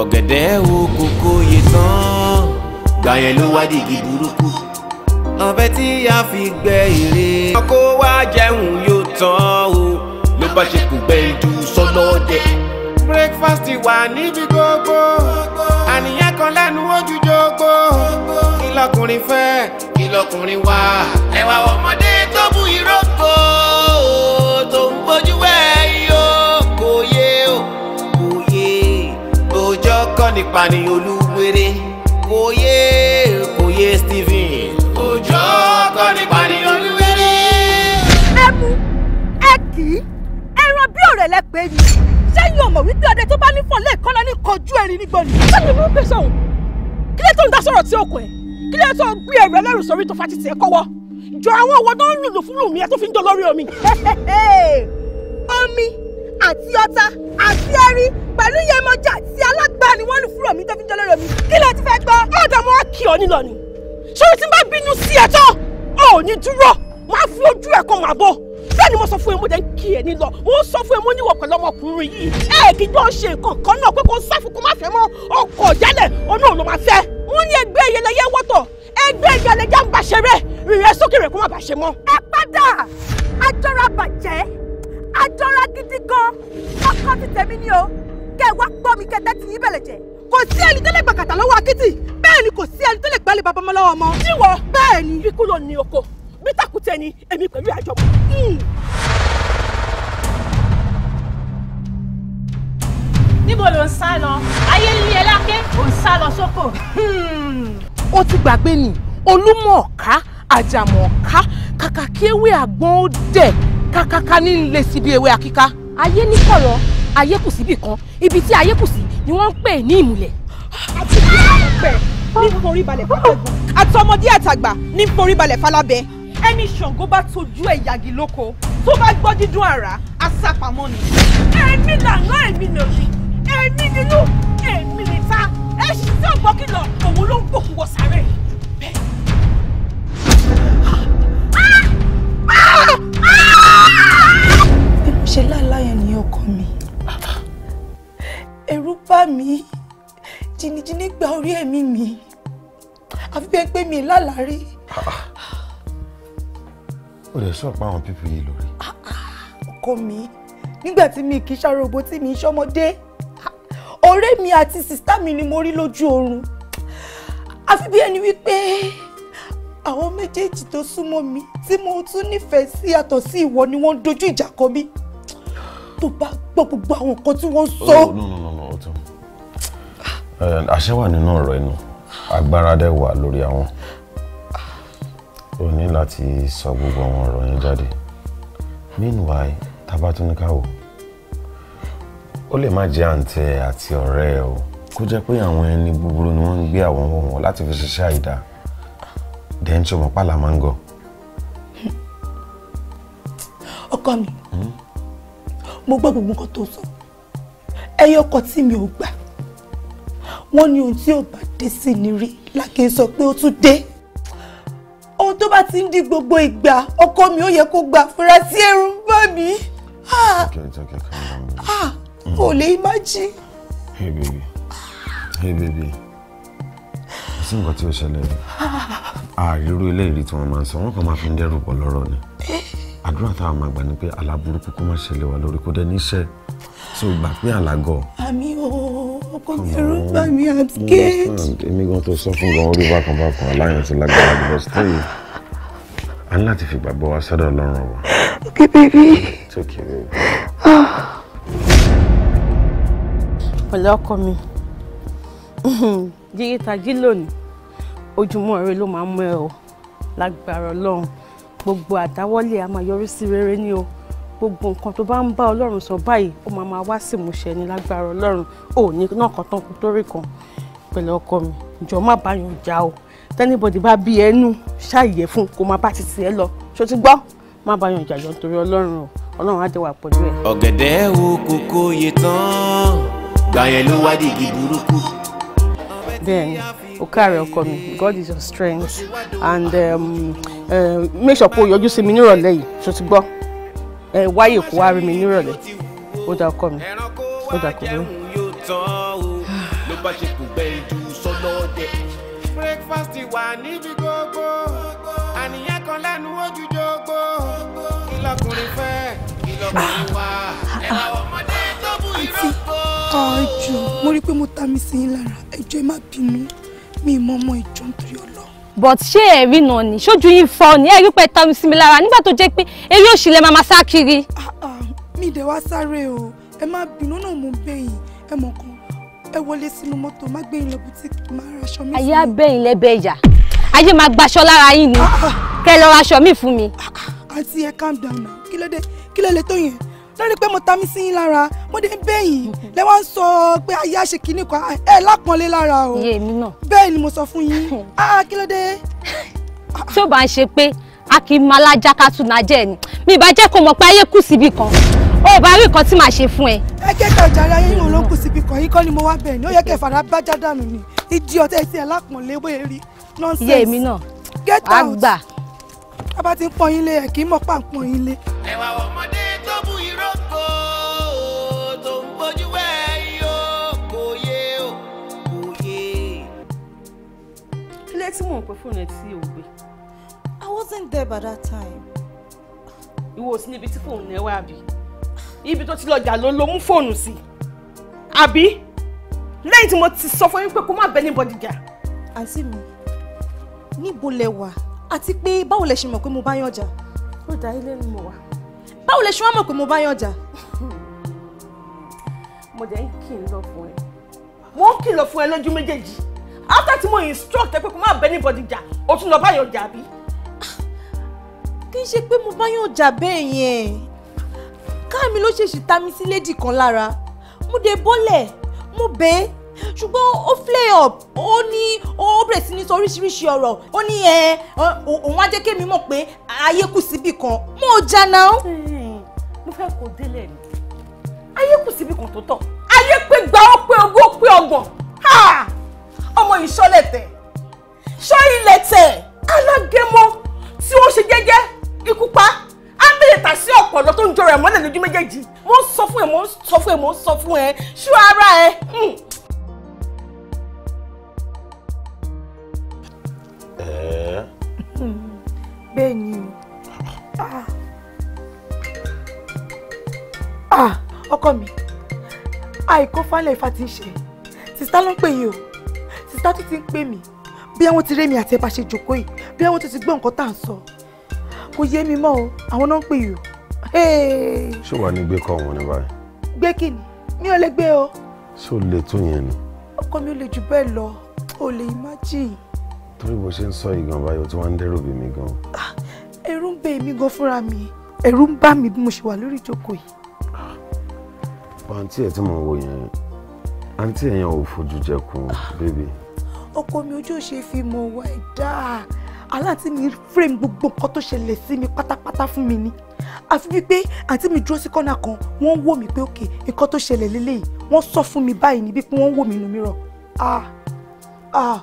ọ̀gẹ̀dẹ̀ wo kókó yẹ tán gbàyẹn ló wá dìgì burúkú. ọbẹ̀ tí a fi gbẹ ère. ọkọ wa jẹun yóò tán o ló bá ṣe kù gbẹ ju sọlọ́dẹ. breakfast wà níbi gbogbo àníyàn kan lẹ́nu ojú jogbo kí lọkùnrin fẹ́ kí lọkùnrin wá ẹ̀wà ọmọdé. pani olúwere kò yé kò yé Stephen. òjò kọ́ ni pani olúwere. ẹ mú ẹ kì í ẹran bí ọ̀rẹ́ lẹ pé ni sẹ́yìn ọmọ wípé ọdẹ tó bá ní fọ́n lẹ́ẹ̀kan náà ní kọjú ẹ̀rín nígbọ́n ni. sẹ́yìn ló ń pèsè òun kí lè tó ń dá sọ̀rọ̀ tí ó kọ̀ ẹ́ kí lè tó gbé ẹ̀rọ ẹlẹ́rù sórí tó fàtìtì ẹ̀ kọ́wọ́ jọ àwọn ọ̀wọ́ tó ń lùlù fún lùmí ẹ tó fi ń dolórí omi. omi àti ọta àti ẹrin pẹ̀lú iyemọja àti alágbára ni wọ́n lù fúrò mi tó fi ń jọlọ́rọ̀ mi kí lẹ ti fẹ́ gbọ́. ọ̀dọ̀ mo wá kí ọ nílọ ni ṣé o ti bá bínú sí ẹ tán o ò ní dúró máa fi ojú ẹ kó máa bọ̀ bẹ́ẹ̀ ni mo sọ fún ẹ mo dẹ̀ ń kí ẹ nílọ mo ń sọ fún ẹ mo níwọ̀ pẹ̀lú ọmọkùnrin yìí ẹ kì í gbọ́ ṣe nǹkan kan náà pé kò ń sáfù kó má fẹ́ mọ́ ọkọ̀ jálẹ̀ ọ̀nà òun ló máa fẹ́ wọ́n ní ẹgbẹ́ ìyẹlẹyẹ wọ́tọ̀ ẹgbẹ́ ìyẹlẹyẹ ń bá ṣeré rírẹ sókè rẹ̀ kó má bàa mọ́. ẹ padà ajọra bàjẹ́ àjọra gidi gan ọkọ ti tẹ̀mí ni o kẹ wá gbọ́ mi kẹtẹ́ ti yín bẹ̀lẹ̀ jẹ́ kò sí ẹni tó lè gbàkàtà lọ́wọ́ akitì bẹ́ẹ̀ ni kò sí ẹni tó lè gbálẹ̀ bàbá ọmọ lọ́wọ́ ọmọ. jíwọ bẹ́ẹ̀ ni bí kúrò ní oko bí tàkùtẹ ni èmi pẹ̀lú àjọmọ. Hmm. níbo ló ń sá lọ ayé ní ẹlákẹ́ ò ń sá lọ sóko. Hmm. ó ti gbàgbé ni olúmọ̀ọ́ká àjàmọ̀ọ́ká kàkà kí ewé àgbọn ó dẹ̀ kákáká ní ń lé síbi ewé akíká. ayé ní kọ̀rọ̀ ayé kù síbì kan ibi tí ayé kù sí ni wọ́n ń pè ní ìmùlẹ̀. àti bí wọ́n pẹ̀ ní forí balẹ̀ fálábẹ́ àtọmọdé àtàgbà ní forí balẹ̀ fálábẹ́ ẹni ṣàngó bá tojú ẹ̀ yagi lóko tó bá gbọ́ dídún àrà á sápamọ́ ni. èmi làná èmi lòdì èmi nínú èmi nìta ẹ ṣì tí ò gbọ́ òun ló ń gbòkúwọ̀ sáré. ṣe láìláyẹn ní ọkọ mi ẹ̀rù bà mí jìnnìjìnnì gba orí ẹ̀mí mi àfi bẹ́ẹ̀ pé mi lálàárí. o lè sọ pé àwọn pípín yìí lórí. ọkọ mi nígbà tí mi kì í ṣàròbó tí mi ṣọmọdé ọ̀rẹ́ mi àti sìstá mi ni mo rí lójú oorun àfi bí ẹni wípé àwọn méjèèjì tó súnmọ́ mi tí mo tún nífẹ̀ẹ́ sí yàtọ̀ sí ìwọ ni wọ́n ń dojú ìjà kọ mí tó bá gbọ́ gbogbo àwọn nǹkan tí wọ́n sọ. Oh, no no no no ọtún eh, àṣẹ wà nínú ọ̀rọ̀ ẹnu agbára dẹ̀ wà lórí àwọn o ní láti sọ gbogbo àwọn ọ̀rọ̀ yẹn jáde meanwhile tabatunikawo. wò ó lè má jẹ́ àǹtẹ̀ àti ọ̀rẹ́ ẹ o kó jẹ́ pé àwọn ẹni búburú ni wọ́n ń gbé àwọn ohun wọn láti fi ṣiṣẹ́ àìdáa then ṣọmọ pàlà máa ń gọ. ọkọ mi hmm? mo gbọ́ gbogbo nǹkan tó sọ ẹyọ ọkọ tí mi ò gbà wọ́n ní ohun tí ò bá dé sí ni rí lákè sọ pé ó tún dé ohun tó bá ti ń di gbogbo ìgbà ọkọ mi ó yẹ kó gba àfúrásì ẹrù ń bà mí. Ah! okay it's okay calm down. ah ò hmm. lè imagine. hey baby hey baby sí nǹkan tí ó ṣẹlẹ̀ ni àìrírú eléyìí tí wọ́n máa ń sọ wọ́n kàn máa fi ń dẹ́rù bọ̀ lọ́rọ̀ ni àdúrà táwọn máa gbà ni pé àlá burúkú kó má ṣẹlẹ̀ wá lórí kó dẹ́ níṣẹ́ tí o gbà pé àlágọ̀. àmì ooo ọkọ mi ẹ̀rù bá mi at gate. èmi gan tó sọ fún gan orí bákan bákan aláyàn ti lágbára jùlọ sítéyì a ní láti fìgbàgbọ́ wa sọ́dọ̀ ọlọ́run wa. okay baby. it's okay baby. ọ̀lẹ́ ọkọ mi jìgìtà jí lónìí ojúmọ́ rẹ ló máa mú ẹ o lágbára ọlọ́run gbogbo àdáwọ́lé a máa yọrí sí rere ni o gbogbo nǹkan tó bá ń bá ọlọ́run sọ báyìí ó máa máa wá sí ìmúṣẹ ní lágbára ọlọ́run ò ní náà kan tán kó torí kan pẹ̀lú ọkọ mi jọ má báyọ̀ já o tẹ́nibọ̀dì bá bí ẹnu ṣàyẹ̀ fún kó máa bá títí ẹ lọ ṣó ti gbọ́ má báyọ̀ jà jọ torí ọlọ́run o ọlọ́run á jẹ́ wà pẹ̀lú ẹ. ọ̀gẹ̀dẹ̀ wo kókó yẹ tán gbàyẹn ló wá dìgì burúkú. bẹ́ẹ̀ni o káre ọkọ mi God is your strength and um, uh, make sure pé o yọjú sí mi nírọ̀lẹ́ yìí tó ti gbọ́ ẹ wáyè kó wá rí mi nírọ̀lẹ́ ó dá ọkọ mi ó dá kò burú. ló bá ṣe kò gbẹ ìdú sọ́dọ̀ ọdẹ. breakfast wà níbi gbogbo àníyàn kan lẹ́nu ojú jogbo kí lọkùnrin fẹ́ kí lọkùnrin wá ẹ̀rọ ọmọdé tó bu ìrọ́pò. àǹtí ọ̀ọ́jú mo rí i pé mo ta mi sí i lára ẹjọ́ ẹ má bínú mi mọ ọmọ ìjọ nítorí ọlọ. but ṣé ẹ̀rí náà ni ṣojú yín fọ́ ni ẹ̀rí pẹ̀ tanu sí mi lára nígbà tó jẹ́ pé eré òṣìlẹ̀ máa ma sá kiri. Ah, ah, mi ìdẹ̀ wá sáré o ẹ má bínú náà mo bẹ̀yìn ẹ mọ̀ kan ẹ wọlé sínú mọ́tò má gbẹ̀yìn lọ bùtíkì má ra aṣọ mi. ayé abẹ́yìn lẹ́bẹ̀ẹ́ yà ayé máa gbaṣọ lára yín ni ah, kẹ́ lọ aṣọ mi fún mi. àǹtí ẹ calm down kí ló dé kí ló lè tó yẹn lórí pé mo ta mí sí yín lára mo dé bẹ́yìn lẹ wá sọ pé ayé àṣẹ kan ah, ẹ lápọ̀nlé lára o bẹ́ẹ̀ ni mo sọ fún yín ah kí ló dé. tí ó bá ń ṣe pé a kì í máa lájá ká tún náà jẹ ni mi ìbá jẹ́ kó mọ̀ pé ayé kù síbi kan ó bá rí nǹkan tí màá ṣe fún ẹ. ẹ kẹ́kẹ́ ọ̀jára yín ló kù síbi kan yìí kọ́ ni mo wá bẹ̀ ni ó yẹ kẹ́ fara bá já dànù ni ìdí ọ̀tẹ̀ sí ẹ lápọ̀nlé wẹ́ẹ́ rí nonsense. yé mi a bá ti ń pọn yín lé ẹ kì í mọ̀ pà yín lé. ẹ̀wà ọmọdé tó bù tí mò ń pè fóònù ẹ I wasn't there by that time. Ìwọ sí níbi tí fóònù ẹ wá àbí? Ibi tó ti lọ jà ló ló mú fóònù sí. Àbí? Lẹ́yìn tí mo ti sọ fún yín pé kó má bẹ ní bọ́dìjà. Àǹtí mi, níbo lẹ wà? Àti pé báwo lẹ ṣe mọ̀ pé mo bá yànjà? Ó dá ilé ni mo wà báwo lè ṣe wá mọ̀ pé mo bá yàn jà. mo jẹ́ ń kìlọ̀ fún ẹ mo ń kìlọ̀ fún ẹ lójú méjèèjì after tí mo instruct ẹ pé kó má bẹ anybody jà o tún lọ bá yàn jà bí. kì í ṣe pé mo bá yàn jà bẹ́ẹ̀ yẹn káàmì ló ṣèṣì ta mi sí lady kan lára mo dé bọ́lẹ̀ mo bẹ́ẹ̀ ṣùgbọ́n ó flare up ó ní ó bẹ̀rẹ̀ sí ní sọ oríṣiríṣi ọ̀rọ̀ ó ní ẹ òun á jẹ́ kémi mọ̀ pé ayé kù síbì kan mo jà náà mo fẹ́ kó délẹ̀ ni ayé kù síbi kan tó tọ̀ ayé pé gba ó pé ogún ó pé ọgbọ̀n ọmọ yìí ṣọlẹ̀ tẹ̀ ṣọ́ ilẹ̀ tẹ̀ alágẹmọ tí ó ṣe jẹ́jẹ́ ikú pa ábẹ́lẹ̀ tà sí ọ̀pọ̀lọ́ tó ń jọra ẹ̀ mọ́lẹ̀ lójú méjèèjì mo ń sọ fún ẹ mo ń sọ fún ẹ mo ń sọ fún ẹ ṣú ara ẹ baálé ifá ti ń ṣe sista ló ń pè yín o sista tó ti ń pè mí bí àwọn ti rémi àti ẹ bá ṣe jòkó yìí bí àwọn tó ti gbọ́ nǹkan tá à ń sọ kò yé mi mọ́ o àwọn náà ń pè yìí o. ṣé wàá ní gbé kọ́ wọn ní báyìí. gbé kí ni mi ò lè gbé o. ṣé o lè tún yẹn ni. ọkọ mi ò lè jù bẹ́ẹ̀ lọ o lè imagine. torí bó ṣe ń sọ yìí gan báyìí o ti wá ń dẹ́rù bí mi gan. Ah, ẹ̀rù ń bẹ èmi gan fúnra mi ẹ̀rù ń bà mí bí mo ṣe wà lórí ìjókòó yìí. pàǹtí ah, ẹ̀ tí mo wò yẹn àǹtí ẹ̀yàn ò fojú jẹkùn bébì. ọkọ mi ojú ò ṣe fi mọ wá ẹ dáa aláǹtí mi frame gbogbo nǹkan tó ṣẹlẹ̀ sí mi pátápátá fún mi ni àfi bíi pé àǹtí mi dúró sí kọ́nà kan wọ́n ń wò mí pé òkè nǹkan tó ṣẹlẹ̀ lélẹ́yìí wọ́n sọ fún mi báyìí níbi pé wọ́n ń wò mí nù mí rọ̀ ah ah.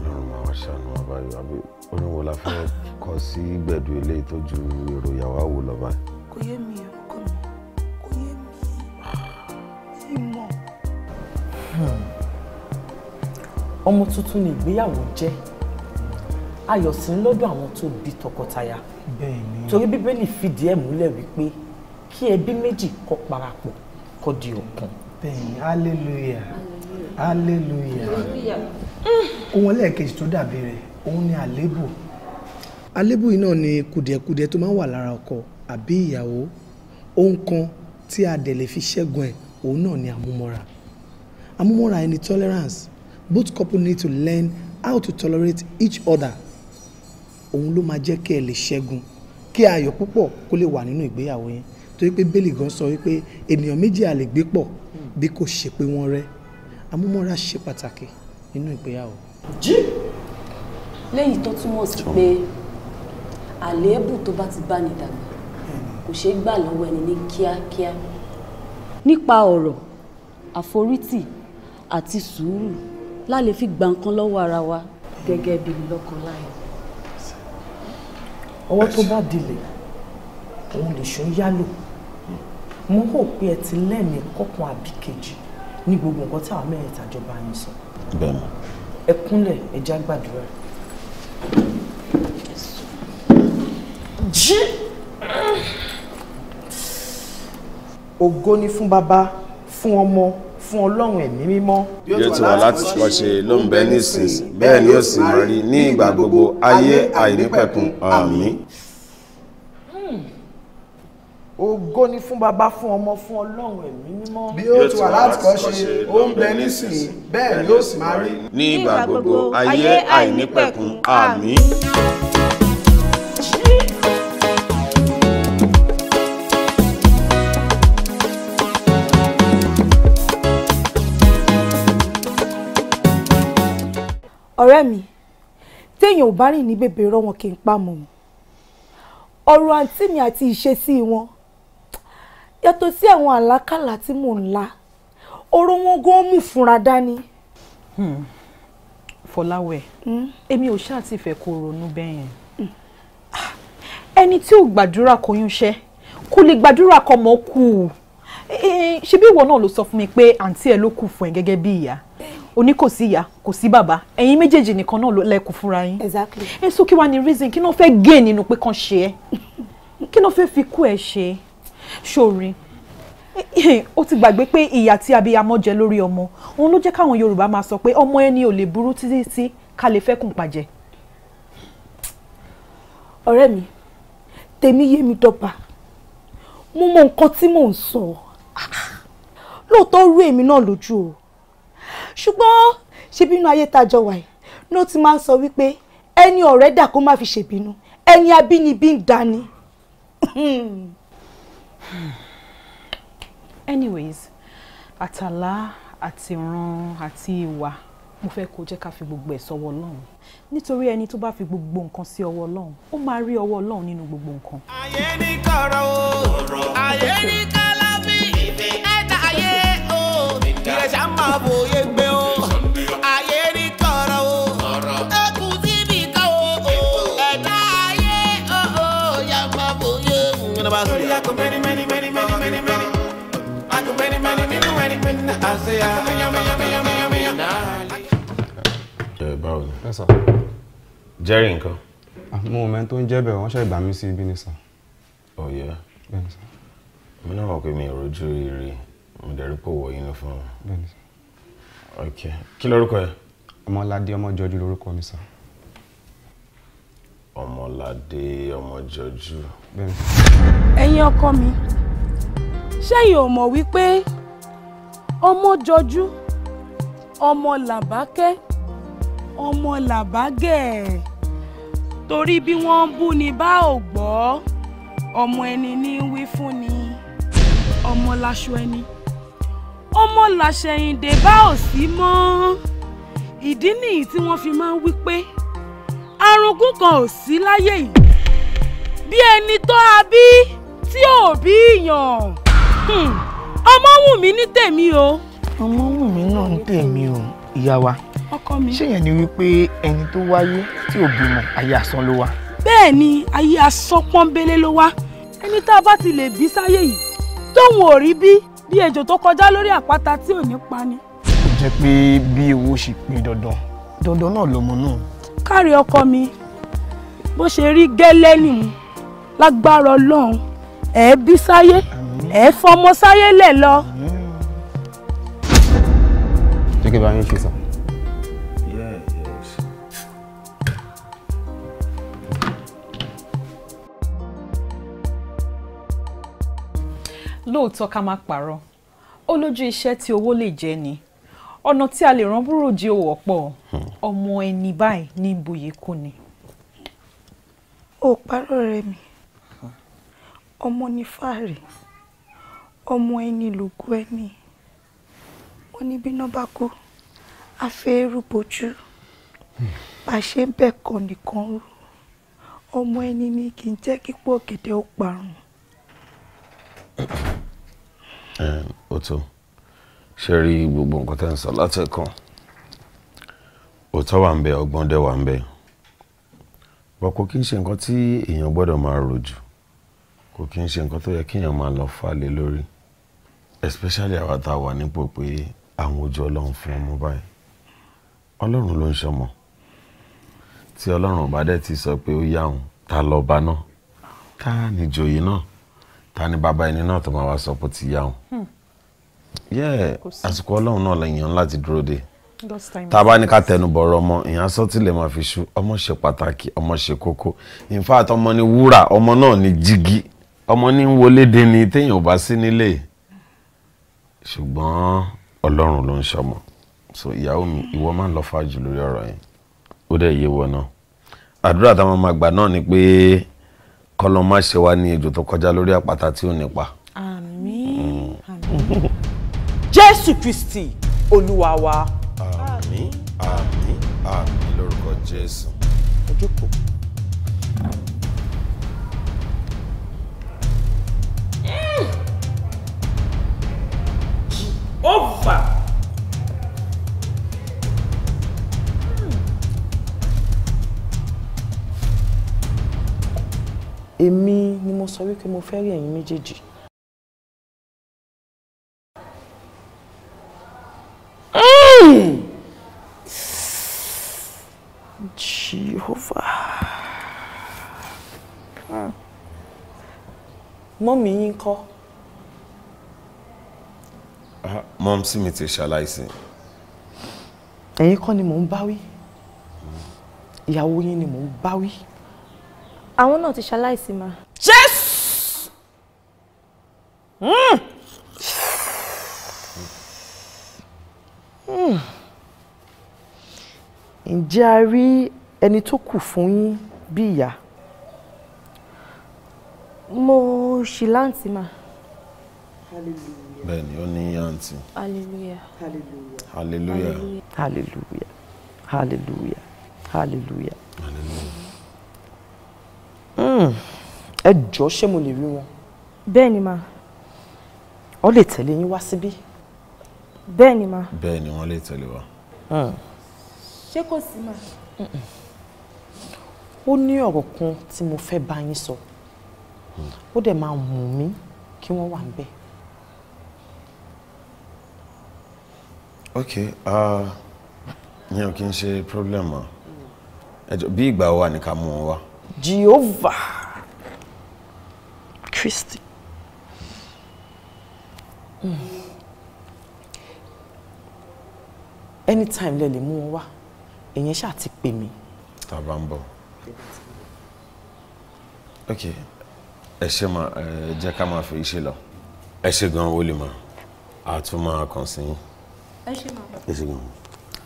ọmọ àwọn ṣàánú àbáyọ àbí oníwòlá fẹ́ kọ sí gbẹ̀dù eléyìí tó ju èrò ìyàwó àwò lọ́ba. kò yé mi o. Hmm. ọmọ tuntun ni ìgbéyàwó jẹ́ ayọ̀ sí ń lọ́dọ̀ àwọn tó bí tọkọtaya torí bíbélì fìdí ẹ̀ múlẹ̀ wípé kí ẹbí méjì kó parapọ̀ kó di ọ̀kan. bẹ́ẹ̀ni hallelujah hallelujah ohun ẹlẹ́ẹ̀kejì tó dàbí rẹ̀ òun ni àléébù àléébù yìí náà ni kùdìẹ̀kudìẹ tó máa ń wà lára ọkọ àbí ìyàwó ohun kan tí a dẹ̀ lè fi ṣẹ́gun ẹ̀ òun náà ni àmúmọ́ra amúmọ́ra ẹni tolerance both couple need to learn how to tolerate each other òun ló máa jẹ́ kí ẹ lè ṣẹ́gun kí ayọ̀ púpọ̀ kó lè wà nínú ìgbéyàwó yẹn torí pé bẹ́ẹ̀lì gan sọ wípé ènìyàn méjì à lè gbé pọ̀ bí kò ṣe pé wọ́n rẹ́ amúmọ́ra ṣe pàtàkì nínú ìgbéyàwó. jí lẹ́yìn tó túmọ̀ sí pé àléébù tó bá ti bá ní dàgbà kò ṣeé gbà lọ́wọ́ ẹni ní kíákíá nípa ọ̀rọ̀ àforítì àti sùúrù la lè fi gbà nǹkan lọ́wọ́ ara wa gẹ́gẹ́ bí lọ́kọláya. ọwọ́ tó bá dilẹ̀ òun lè ṣó ń yálò mo rò pé ẹ ti lẹ́mìí kọ̀ọ̀kan àbí kejì ní gbogbo nǹkan tí àwọn mẹ́rẹ̀ẹ̀ta jọba yín sọ. bẹ́ẹ̀ni. ẹ kúnlẹ̀ ẹ já gbàdúrà. jí. ògo ni fún bàbá fún ọmọ fún ọlọ́run ẹ̀mí mímọ́. yóò ti wà láti ṣọṣe ló ń bẹ nísinsìnyí bẹ́ẹ̀ ni ó sì máa rí ní ìgbà gbogbo ayé àìnípẹ̀kun àmín. Hmm. ògo ni fún bàbá fún ọmọ fún ọlọ́run ẹ̀mí mímọ́. bí ó ti wà láti ṣọṣe ó ń bẹ nísinsìnyí bẹ́ẹ̀ ni ó sì máa rí ní ìgbà gbogbo ayé àìnípẹ̀kun àmín. ọ̀rẹ́ mi téèyàn ò bá rìn ní bèbè rọ wọn kì í pamọ́ ọ̀rọ̀ àǹtí mi àti ìṣesí wọn yàtọ̀ sí àwọn àlákàlà tí mò ń la ọ̀rọ̀ wọn gan mú fúnra dání. Hmm. Fọláwẹ̀ hmm? èmi ò ṣáà ti fẹ́ kó ronú bẹ́yẹn hmm. ah, ẹni tí ò gbàdúrà kọyún ṣẹ́ kò lè gbàdúrà kọmọ kú eh, ṣebí ìwọ náà ló sọ fún mi pé àǹtí ẹ ló kù fún ẹ gẹ́gẹ́ bí ìyá oní kò sí ìyá kò sí bàbá ẹ̀yin méjèèjì nìkan náà lẹ kù fúnra yín. exactly. ẹ sọ kí wàá ní reason kí náà fẹ́ gain nínú pé kàn ṣe ẹ́ kí náà fẹ́ fi kú ẹ̀ ṣe ṣòrin ó ti gbàgbé pé ìyà tí abiyamọ jẹ lórí ọmọ òun ló jẹ́ káwọn Yorùbá máa sọ pé ọmọ ẹni ò lè burú títí tí ká lè fẹ́kùn pàjẹ́. ọ̀rẹ́ mi tèmi yé mi dọ́gba mo mọ nǹkan tí mò ń sọ lóòótọ́ rú èmi náà lójú o ṣùgbọ́n ṣebí ayé tajọ wà ló ti máa ń sọ wípé ẹni ọ̀rẹ́ dà kó má fi ṣèbínú ẹni abínibí ń dání. Hmm. anyways àtàlá àti ìran àti ìwà mo fẹ́ kó jẹ́ ká fi gbogbo ẹ̀ sọ́wọ́ Ọlọ́run nítorí ẹni tó bá fi gbogbo nǹkan sí ọwọ́ Ọlọ́run ó máa rí ọwọ́ Ọlọ́run nínú gbogbo nǹkan. ayé ní kọ̀rọ̀ o ayé ní kọ̀rọ̀. thinking about you. I go many, many, many, many, many, many. I go many, many, many, many, many. I say, yummy, many, many, many, many, many. báwo ni? Ẹ sà. Jerry nǹkan. Àwọn ah, ọmọ ẹni tó ń jẹ́ bẹ̀rẹ̀ wọ́n ṣe ìgbà mí sí ibi ni sà. Ọ̀yẹ́. Oh, Bẹ́ẹ̀ni sà. Mo náà wọ̀ pé mi ò rojú rere, mo dẹ̀ rí pò wọ inú fún wọn. Bẹ́ẹ̀ni sà. Ok, kí lórúkọ ẹ? Ọmọládé ọmọ jọjú lórúkọ mi sà ọmọládé ọmọjọjú. ẹ̀yin ọkọ mi ṣẹ́yìn ò mọ̀ wípé ọmọjọjú ọmọ làbákẹ́ ọmọ làbágẹ̀ torí bí wọ́n ń bú ni bá ò gbọ́ ọmọ ẹni ní wí fún ni ọmọ laṣọ ẹni ọmọ làṣẹyìndè bá ò sí mọ́ ìdí nìyí tí wọ́n fi máa ń wí pé arunkún kan ò sí láyé yìí bí ẹni tó a bí tí ò bí yàn hmm. ọmọ wù mí ní tèmi o. ọmọ wù mí náà ní tèmi o ìyá wa ṣé yẹn ni wípé ẹni tó wáyé tí ò bímọ ayé asán ló wá. bẹ́ẹ̀ ni ayé asán pọ́nbélé ló wá ẹni tá a bá ti lè bí sáyé yìí tóun ò rí bí bí ejò tó kọjá lórí àpáta tí ò ní pa ni. ó jẹ́ pé bí ewu ṣì pé dandan dandan náà lọmọ náà kárí ọkọ mi bó ṣe rí gẹ́lẹ́ nìyí lágbára ọlọ́run ẹ̀ bí sáyé ẹ̀ fọmọ sáyé lẹ̀ lọ. jẹ́ bá yín ṣe sàn. lóòótọ́ ká má parọ́ ó lójú iṣẹ́ tí owó lè jẹ́ ni ọ̀nà tí a lè ràn búròjì ò wọ́pọ̀ ọmọ ẹni báyìí ní bòye kú ni. ò parọ́ rẹ mi ọmọ ní fàárẹ̀ ọmọ ẹni lògùn ẹni wọn ní bí náà bá kú afẹ́rù bojú pàṣẹ ń bẹ̀ kọ́ nìkan rú ọmọ ẹni ni kì í jẹ́ kípò ọ̀gẹ̀dẹ̀ ó parun. ó tó ṣe rí gbogbo nǹkan tẹ́ ń sọ látẹ̀kàn òótọ́ wà ń bẹ ọgbọ́n dẹ̀ wà ń bẹ bọ́ kò kí ń ṣe nǹkan tí èèyàn gbọ́dọ̀ máa rò jù kò kí ń ṣe nǹkan tó yẹ kí èèyàn máa lọ falẹ̀ lórí especially àwa tá a wà nípò pé àwọn ojú ọlọ́run fún ọmọ báyìí ọlọ́run ló ń ṣọmọ tí ọlọ́run bá dẹ̀ ti sọ pé ó yá òun ta lọ́ba náà ta ni jòyè náà ta ni bàbá ẹni náà tó máa wá sọ pé ó ti yá òun. Hmm yeah àsìkò ọlọ́run náà lèèyàn láti dúró de tá a bá ní ká tẹnu bọ̀rọ̀ ọmọ èèyàn sọ́tìlẹ̀ máa fi ṣú ọmọ ṣe pàtàkì ọmọ ṣe kókó in ọmọ ni wúrà ọmọ náà ni jígí ọmọ ní wọlé dé ni téèyàn bá sí nílé ṣùgbọ́n ọlọ́run ló ń ṣọmọ so ìyàwó mi ìwọ máa ń lọ fàájù lórí ọ̀rọ̀ yẹn ó dẹ̀ yé wọ náà àdúrà táwọn máa gbà náà ni pé kọ́lọ́ má ṣe wá ní ejò tó kọjá lórí àpáta tí ò nípa. àmín mm. àmín jésù kristi olúwa wa. àmín àmín àmín lórúkọ jésù. ojúkò. jehovah. Hmm. èmi ni mo sọ wípé mo fẹ́ rí ẹ̀yin méjèèjì. Jehovah. Ah. Mọ́mí yín kọ́. Mọ́m sí mi ti ṣaláìsí. Ẹ̀yin kọ́ ni mò ń báwí. Mm. Ìyàwó yín ni mò ń báwí. Àwọn náà ti ṣaláìsí máa. ǹjẹ́ a rí ẹni tó kù fún yín bí ìyá. mo ṣì láǹtì mà. bẹ́ẹ̀ni ó ní àǹtí. hallelujah. hallelujah. hallelujah. hallelujah. hallelujah. hallelujah. Hmm. ẹ jọ̀ọ́ ṣé mo lè rí wọn. bẹ́ẹ̀ni mà. ọ lè tẹ̀lé yín wá síbí. bẹ́ẹ̀ni mà. bẹ́ẹ̀ni wọ́n lè tẹ̀lé wa. Mm ṣé kò sí mà. ó ní ọ̀rọ̀ kan tí mo fẹ́ bá yín sọ ó dẹ̀ máa mú mi kí wọ́n wà níbẹ̀. ok yẹn ò kí n ṣe problem mọ́ ẹ jọ bí ìgbà wà ní ká mú wọn wá. Jehovah Mm. anytime lẹ lè mú wọn ìyẹn ṣáà ti pè mí. tàbá ń bọ̀ ok ẹ ṣe máa ẹ jẹ́ ká máa fi iṣẹ́ lọ ẹ ṣe gan owó lè a tún máa kàn sí yín. ẹ ṣe máa ẹ ṣe gan.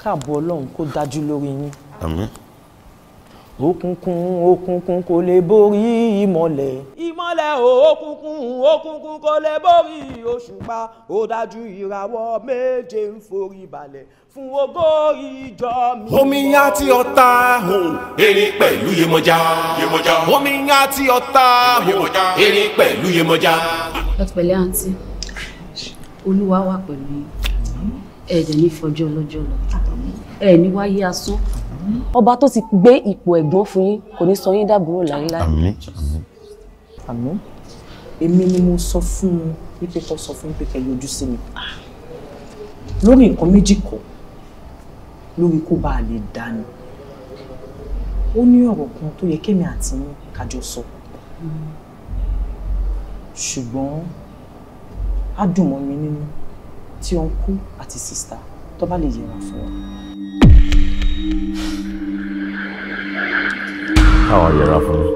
káàbọ̀ ọlọ́run kó dájú lórí yín. àmín. òkùnkùn òkùnkùn kò lè borí ìmọ̀lẹ̀ mọ́lẹ̀ òkùnkùn òkùnkùn kò lè borí òṣùpá ó dájú ìràwọ̀ méje ń forí balẹ̀ fún ògo ìjọ mi. omiyan tí ọ̀tá hùn erin pẹ̀lú Yemọja Yemọja omiyan tí ọ̀tá hùn erin pẹ̀lú Yemọja. ẹ pẹ̀lẹ́ olúwa wà pẹ̀lú yín ní fọjọ́ lọ́jọ́ lọ ẹ̀ ní wáyé asán ọba tó ti gbé ipò ẹ̀gbọ́n fún yín kò ní sọ yín dàbúrò láéláé. àmín àná èmi ni mo sọ fún un wípé kó sọ fún pé kẹ́ yọjú sí mi lórí nǹkan méjì kọ lórí kó bá a lè dání ó ní ọ̀rọ̀ kan tó yẹ kémi àti yín kájọ sọ ṣùgbọ́n á dùn mọ́ mi nínú tí ọ̀nkú àti sista tó bá lè yẹra fún wa. káwọn yẹra fún mi.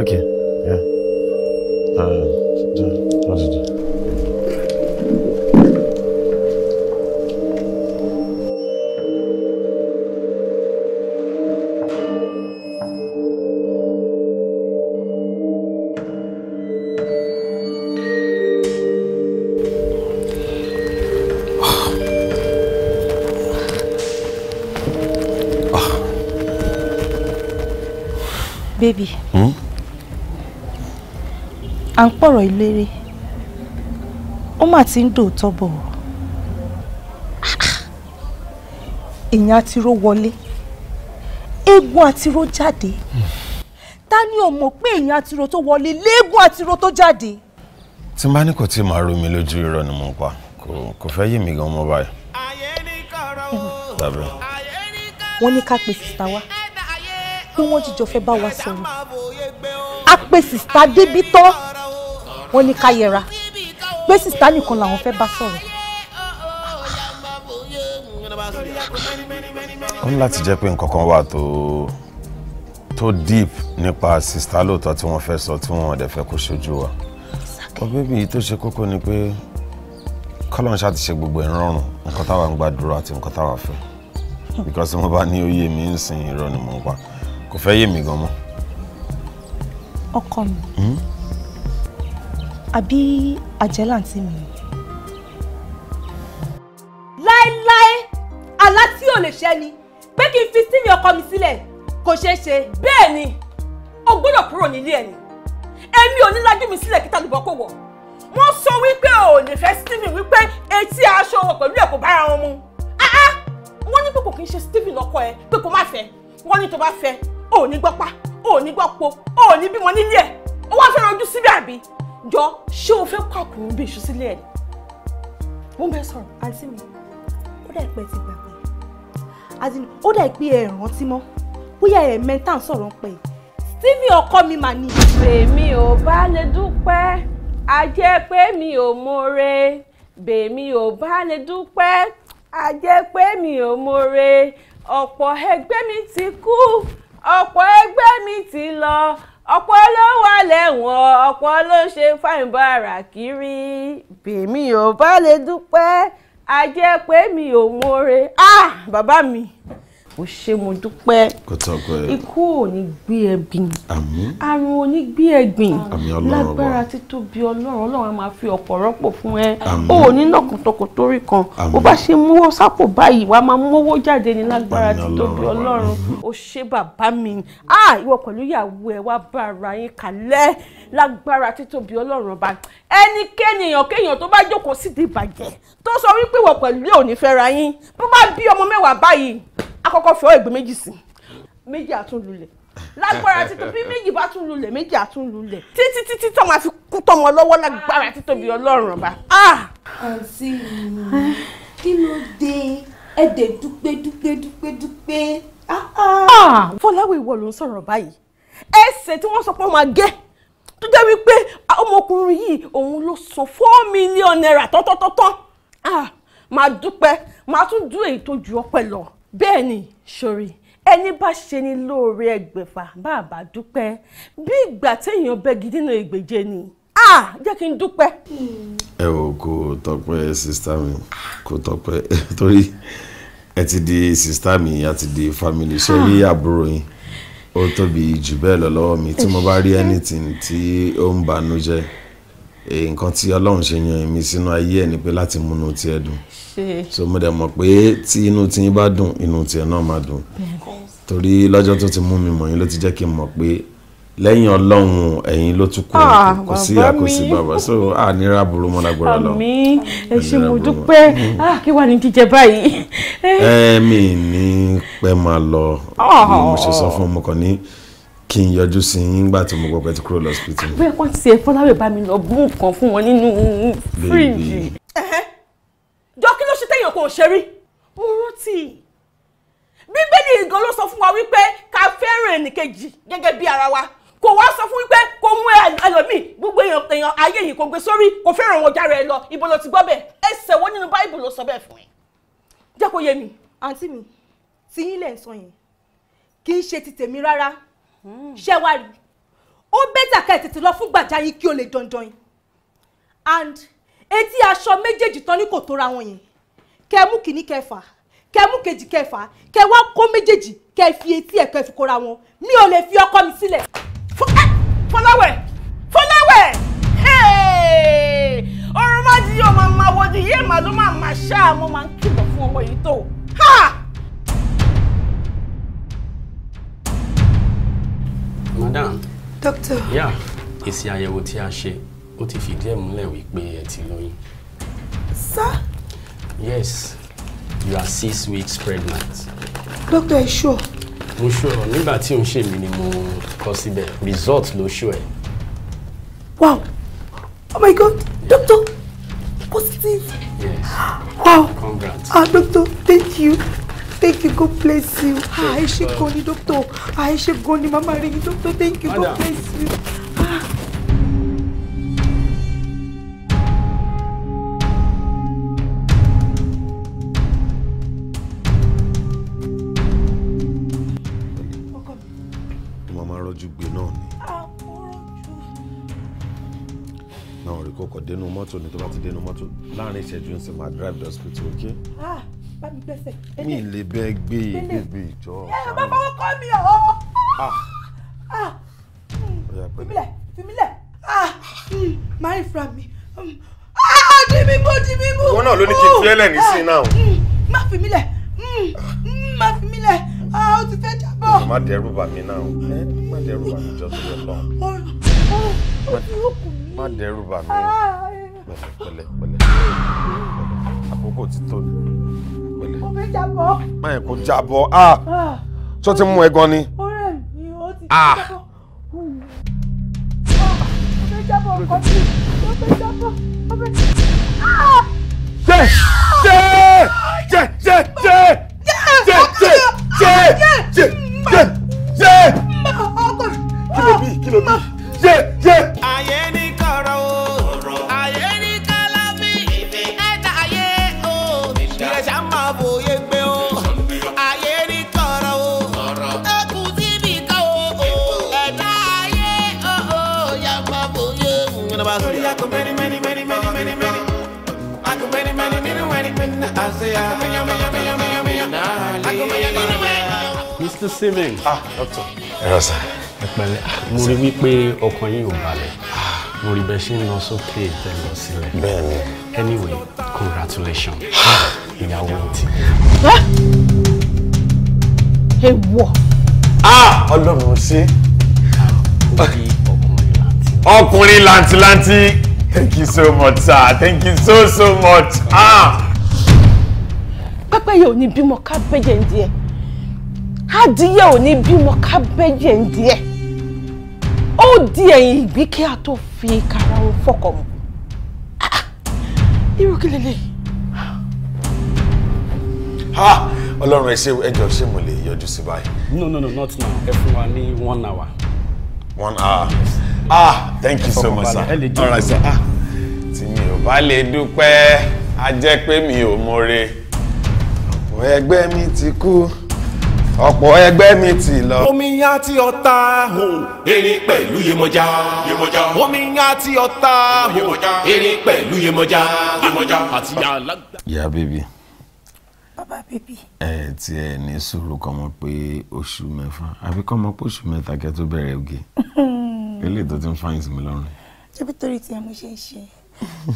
okay yeah. 진짜 아 진짜 Baby. Hı? à ń pọ̀rọ̀ ìlérè ó mà ti ń dòótọ́ bọ̀ ọ́ èèyàn àti ró wọlé eégún àti ró jáde ta ni ò mọ̀ pé èèyàn àti ró tó wọlé léégún àti ró tó jáde. tí bá ní kò tí ì máa rú mi lójú irọ́ ni mo pa kò fẹ́ yé mi gan mọ́ báyìí. wọ́n ní ká pe sista wa pé wọ́n jíjọ fẹ́ bá wa sọ̀rọ̀ a pe sista débi tán wọ́n ní ká yẹra pé sista nìkan làwọn fẹ́ bá sọ̀rọ̀. ó ní láti jẹ́ pé nǹkan kan wà tó tó deep nípa sista lóòótọ́ tí wọ́n fẹ́ sọ tí wọ́n dẹ̀ fẹ́ kó ṣojú wa ọ bébí tó ṣe kókó ni pé kọ́lọ́n ṣáà ti ṣe gbogbo ìrọ̀rùn nǹkan táwa ń gbàdúrà àti nǹkan táwa fẹ́ because mo bá ní oyè mi ń sin irọ́ ni mo ń pa kò fẹ́ yé mi gan mọ́. ọkọ mi. Hmm? àbí àjẹ́láǹtì mi. láéláé àlá tí ò lè ṣẹ ni pé kí n fi sími ọkọ mi sílẹ̀ kò ṣeé ṣe bẹ́ẹ̀ ni o gbọ́dọ̀ kúrò nílé ẹ̀ ni èmi ò ní lajú mi sílẹ̀ kí tàlùbọ̀ kò wọ̀ wọ́n sọ wípé ò lè fẹ́ Stephen wípé etí aṣọ wọn pẹ̀lú ẹ̀ kò bára wọn mu wọ́n ní pé kò kí n ṣe Stephen ọkọ ẹ̀ pé kò má fẹ́ wọ́n ní tó bá fẹ́ ò ní gbọ́pá ò ní gbọ́po ò ní bímọ nílé ẹ̀ ó wá fẹ́ràn ojú síbẹ̀ àbí jọ ṣé o fẹ́ kọ́ àkùrù bí iṣu sílẹ̀ ẹ̀ mo bẹ sọ̀rọ̀ àǹtí mi ó dà pé ti gbàgbé àti ó dà pé ẹ rántí mọ́ bóyá ẹ mẹ́ta ń sọ̀rọ̀ pẹ̀ Stevie ọkọ mi mà ní. bèmi ò bá lè dúpẹ́ a jẹ́ pé mi ò mọ̀re bèmi ò bá lè dúpẹ́ a jẹ́ pé mi ò mọ̀re ọ̀pọ̀ ẹgbẹ́ mi ti kú ọ̀pọ̀ ẹgbẹ́ mi ti lọ ọ̀pọ̀ ló wà lẹ́wọ̀n ọ̀pọ̀ ló ṣe fáìn bàrà kiri bèmi ò bá lè dúpẹ́ a jẹ́ pé mi ò mọ̀re ah bàbá mi ó ṣe mo dúpẹ́ ikú ò ní gbé ẹ gbìn àrùn ò ní gbé ẹ gbìn lágbára títóbi ọlọ́run ọlọ́run a máa fi ọ̀pọ̀ rọ́pò fún ẹ ó ní nọ̀kùntọ̀kù torí kan bó bá ṣe mówó sápò báyìí wàá máa mówó jáde ní lágbára títóbi ọlọ́run ó ṣe bàbá mi ah ìwọ pẹ̀lú ìyàwó ẹ wá bá ara yín kalẹ̀ lágbára títóbi ọlọ́run ọba ẹnikẹ́ni èèyàn kéèyàn tó bá jókòó sídìí ìbàjẹ́ tó sọ wípé ìwọ pẹ̀lú ẹ ò yín bó bá bí ọmọ mẹ́wàá báyìí akọ́kọ́ fẹ́ ọ ìgbé méjì sí méjì àtúnlulẹ̀ lágbára títọ́ bí méjì bá tún lulẹ̀ méjì àtún lulẹ̀ títí títí tọ́ máa fi kú tọmọ lọ́wọ́ lágbára títóbi ọlọ́run ọba. Ah! àǹtí kí ló dé ẹ̀dẹ̀ dúpẹ́ dúpẹ́ dúpẹ́ dúpẹ́. Ah, ah. fọláwé ìwọ ló ń sọ̀rọ̀ báyìí ẹsẹ̀ tí wọ́n sọ pé ó máa gé tó jẹ́ wípé ọmọkùnrin yìí òun ló sọ four million naira tọ́tọ́tọ́tọ́ máa dúpẹ́ máa tún dún èyí tó ju ọpẹ́ lọ bẹ́ẹ̀ ni sori ẹni bá ṣe ni lóore ẹgbẹ̀fà bá a bá dúpẹ́ bí ìgbà téèyàn bẹ́gi nínú ìgbèje ni jẹ́ kí n dúpẹ́. ẹ ò kò tọpẹ́ sista mi kò tọpẹ́ torí ẹ ti di sista mi a ti di family ṣé rí ah. àbúrò yín ó tóbi jù bẹ́ẹ̀ lọ lọ́wọ́ mi tí mo bá rí anything tí ó ń banú jẹ́ eh, nǹkan tí ọlọ́run ṣe yan mi sínú ayé ẹ̀ ni pé láti múnú tiẹ̀ dùn so mo dẹ̀ mọ̀ pé tí inú tiyín bá dùn inú tiẹ̀ náà máa dùn torí lọ́jọ́ tó ti mú mi mọ̀ yín ló ti jẹ́ kí n mọ̀ pé lẹ́yìn ọlọ́run ẹ̀yin ló tún kù ah, kò sí àkóso bàbá so a nira burú mọ́ lágbára lọ. àmín ẹ ṣé mo dúpẹ́ ah, kí wàá ní jíjẹ báyìí. ẹ̀ẹ́mì ni, pẹ́ máa lọ ah. bí mo ṣe sọ fún ọmọ kan ní kí n yọjú sí i nígbà tí mo gbọ́ pé ti kúrò lọ́sibítù. àbẹ́ ti ẹ̀ fọláwẹ̀ bá mi lọ bú nǹkan fún wọn nínú fíríjì. ẹ kò ṣe rí mo rántí bíbélì gan ló sọ fún wa wípé ká fẹ́ràn ẹnìkejì gẹ́gẹ́ bí ara wa kò wá sọ fún wípé kò mú ẹlòmíì gbogbo èèyàn èèyàn ayé yìí kò gbé sórí kò fẹ́ràn wọn jára ẹ lọ ibo ló ti gbọ́ bẹ́ẹ̀ ẹsẹ̀ wo nínú báìbù ló sọ bẹ́ẹ̀ fún ẹ. jẹ́ kó yé mi àǹtí mi tí yín lẹ̀ sọ yẹn kì í ṣe ti tèmi rárá ṣé wá rí ó bẹ́tà ká ẹ̀ tètè lọ fún gbàjà yín kí o lè dandan yín and etí aṣọ méjèèjì tán ní kò tóra wọn yẹn kẹ mú kìíní kẹfà kẹ mú kejì kẹfà kẹ wá kó méjèèjì kẹ fi etí ẹ kẹ fi kóra wọn mi ò lè fi ọkọ mi sílẹ̀. fọláwẹ̀ fọláwẹ̀ ọ̀rọ̀ má di yóò máa ma wọdí yé màá ló máa ma ṣá mo máa ń kìlọ̀ fún ọmọ yìí tó. madam. doctor. yeah èsì àyẹ̀wò tí a ṣe ó ti fìdí ẹ̀ múlẹ̀ wípé ẹ ti lóyún. sir yes you are six weeks pregnant. doctor ẹ sure. mo sure nígbà tí òun ṣe mí ni mo kọ síbẹ̀ result ló sure. wow oh my god doctor positive. yes wow congrats. ah doctor thank you thank you god bless you ah ẹ ṣé gan ni doctor ah ẹ ṣé gan ni mama rẹ ni doctor thank you god bless you. Ah. worry kó kọ̀ dénú mọ́tò ní tó bá ti dénú mọ́tò láàrin ìṣẹ́jú ń sìn máa drive the hospital ok. bá mi gbẹ́sẹ̀. mi lè bẹ gbé e bèbè ìjọ. ẹ má fọwọ́ kọ́ mi o. fìmílẹ̀ fìmílẹ̀ máa ń fura mi di mi mú di mi wọn náà ló ní kí n fi ẹlẹ́ni sí náà. má fi má fi mí ti fẹ́ jábọ̀. má dẹ́rù bà náà má dẹ́rù bà mí jọ́sọ̀ ó ti ó má dẹ́rù bà mí pẹ̀lẹ́ pẹ̀lẹ́ pẹ̀lẹ́ àkókò ti tó pẹ̀lẹ́. mo fẹ́ jábọ́. má yẹ kó jábọ́ tó ti mú ẹ gan ni. ọ̀rẹ́ mi ó ti jábọ́. mo fẹ́ jábọ́ ọkọ mi mo fẹ́ jábọ́ mo fẹ́. jẹ jẹ jẹ jẹ jẹ jẹ jẹ jẹ jẹ jẹ jẹ. ọkọ kí ló bí kí ló bí jẹ. Mr. Simmons. ah doctor. Hello, sir. sá. ẹ pẹ̀lẹ́ ah, mo rí wípé ọkàn yín ò balẹ̀ ah. mo rí bẹ́ẹ̀ ṣe ń lọ sókè tẹ̀ sílẹ̀. bẹ́ẹ̀ni. anyway congratulations ah. ìyàwó ti. ẹ wọ. ọlọ́run ṣe. ọkùnrin làǹtìlàǹtì thank you so much sir thank you so so much. pẹ́pẹ́yẹ ò ní bímọ ká bẹ́yẹ̀ ń di ẹ adìyẹ ò ní bímọ ká bẹ́yẹ̀ ń díẹ̀ ó di ẹ̀yìn ìgbé kí a tó fi kàrà ó fọkọ̀ mu irú kí lélẹ́yìí. ọlọ́run ẹ ṣe ẹjọ́ ṣé mo lè yọjú sí báyìí. no no no not now ẹ wa ní one hour. one hour ah thank you so much sir all right sir ah tí mi ò bá lè dúpẹ́ a jẹ́ pé mi ò mọ̀re ọ̀pọ̀ ẹgbẹ́ mi ti kú ọ̀pọ̀ ẹgbẹ́ mi ti lọ. omi yá tí ọ̀tá hò erin pẹ̀lú Yemọja. Yemọja. omi yá tí ọ̀tá hò erin pẹ̀lú Yemọja. Yemọja. àti alágbá. ya bèbí. bàbá bèbí. ẹ ti ẹ ní sùúrù kọ́ mọ̀ pé oṣù mẹ́fà àbí kọ́ mọ̀ pé oṣù mẹ́ta kẹ́ tó bẹ̀rẹ̀ oge eléyìí tó ti ń fáyín sí mi lọ́rùn. ṣebí torí tí mo ṣe ń ṣe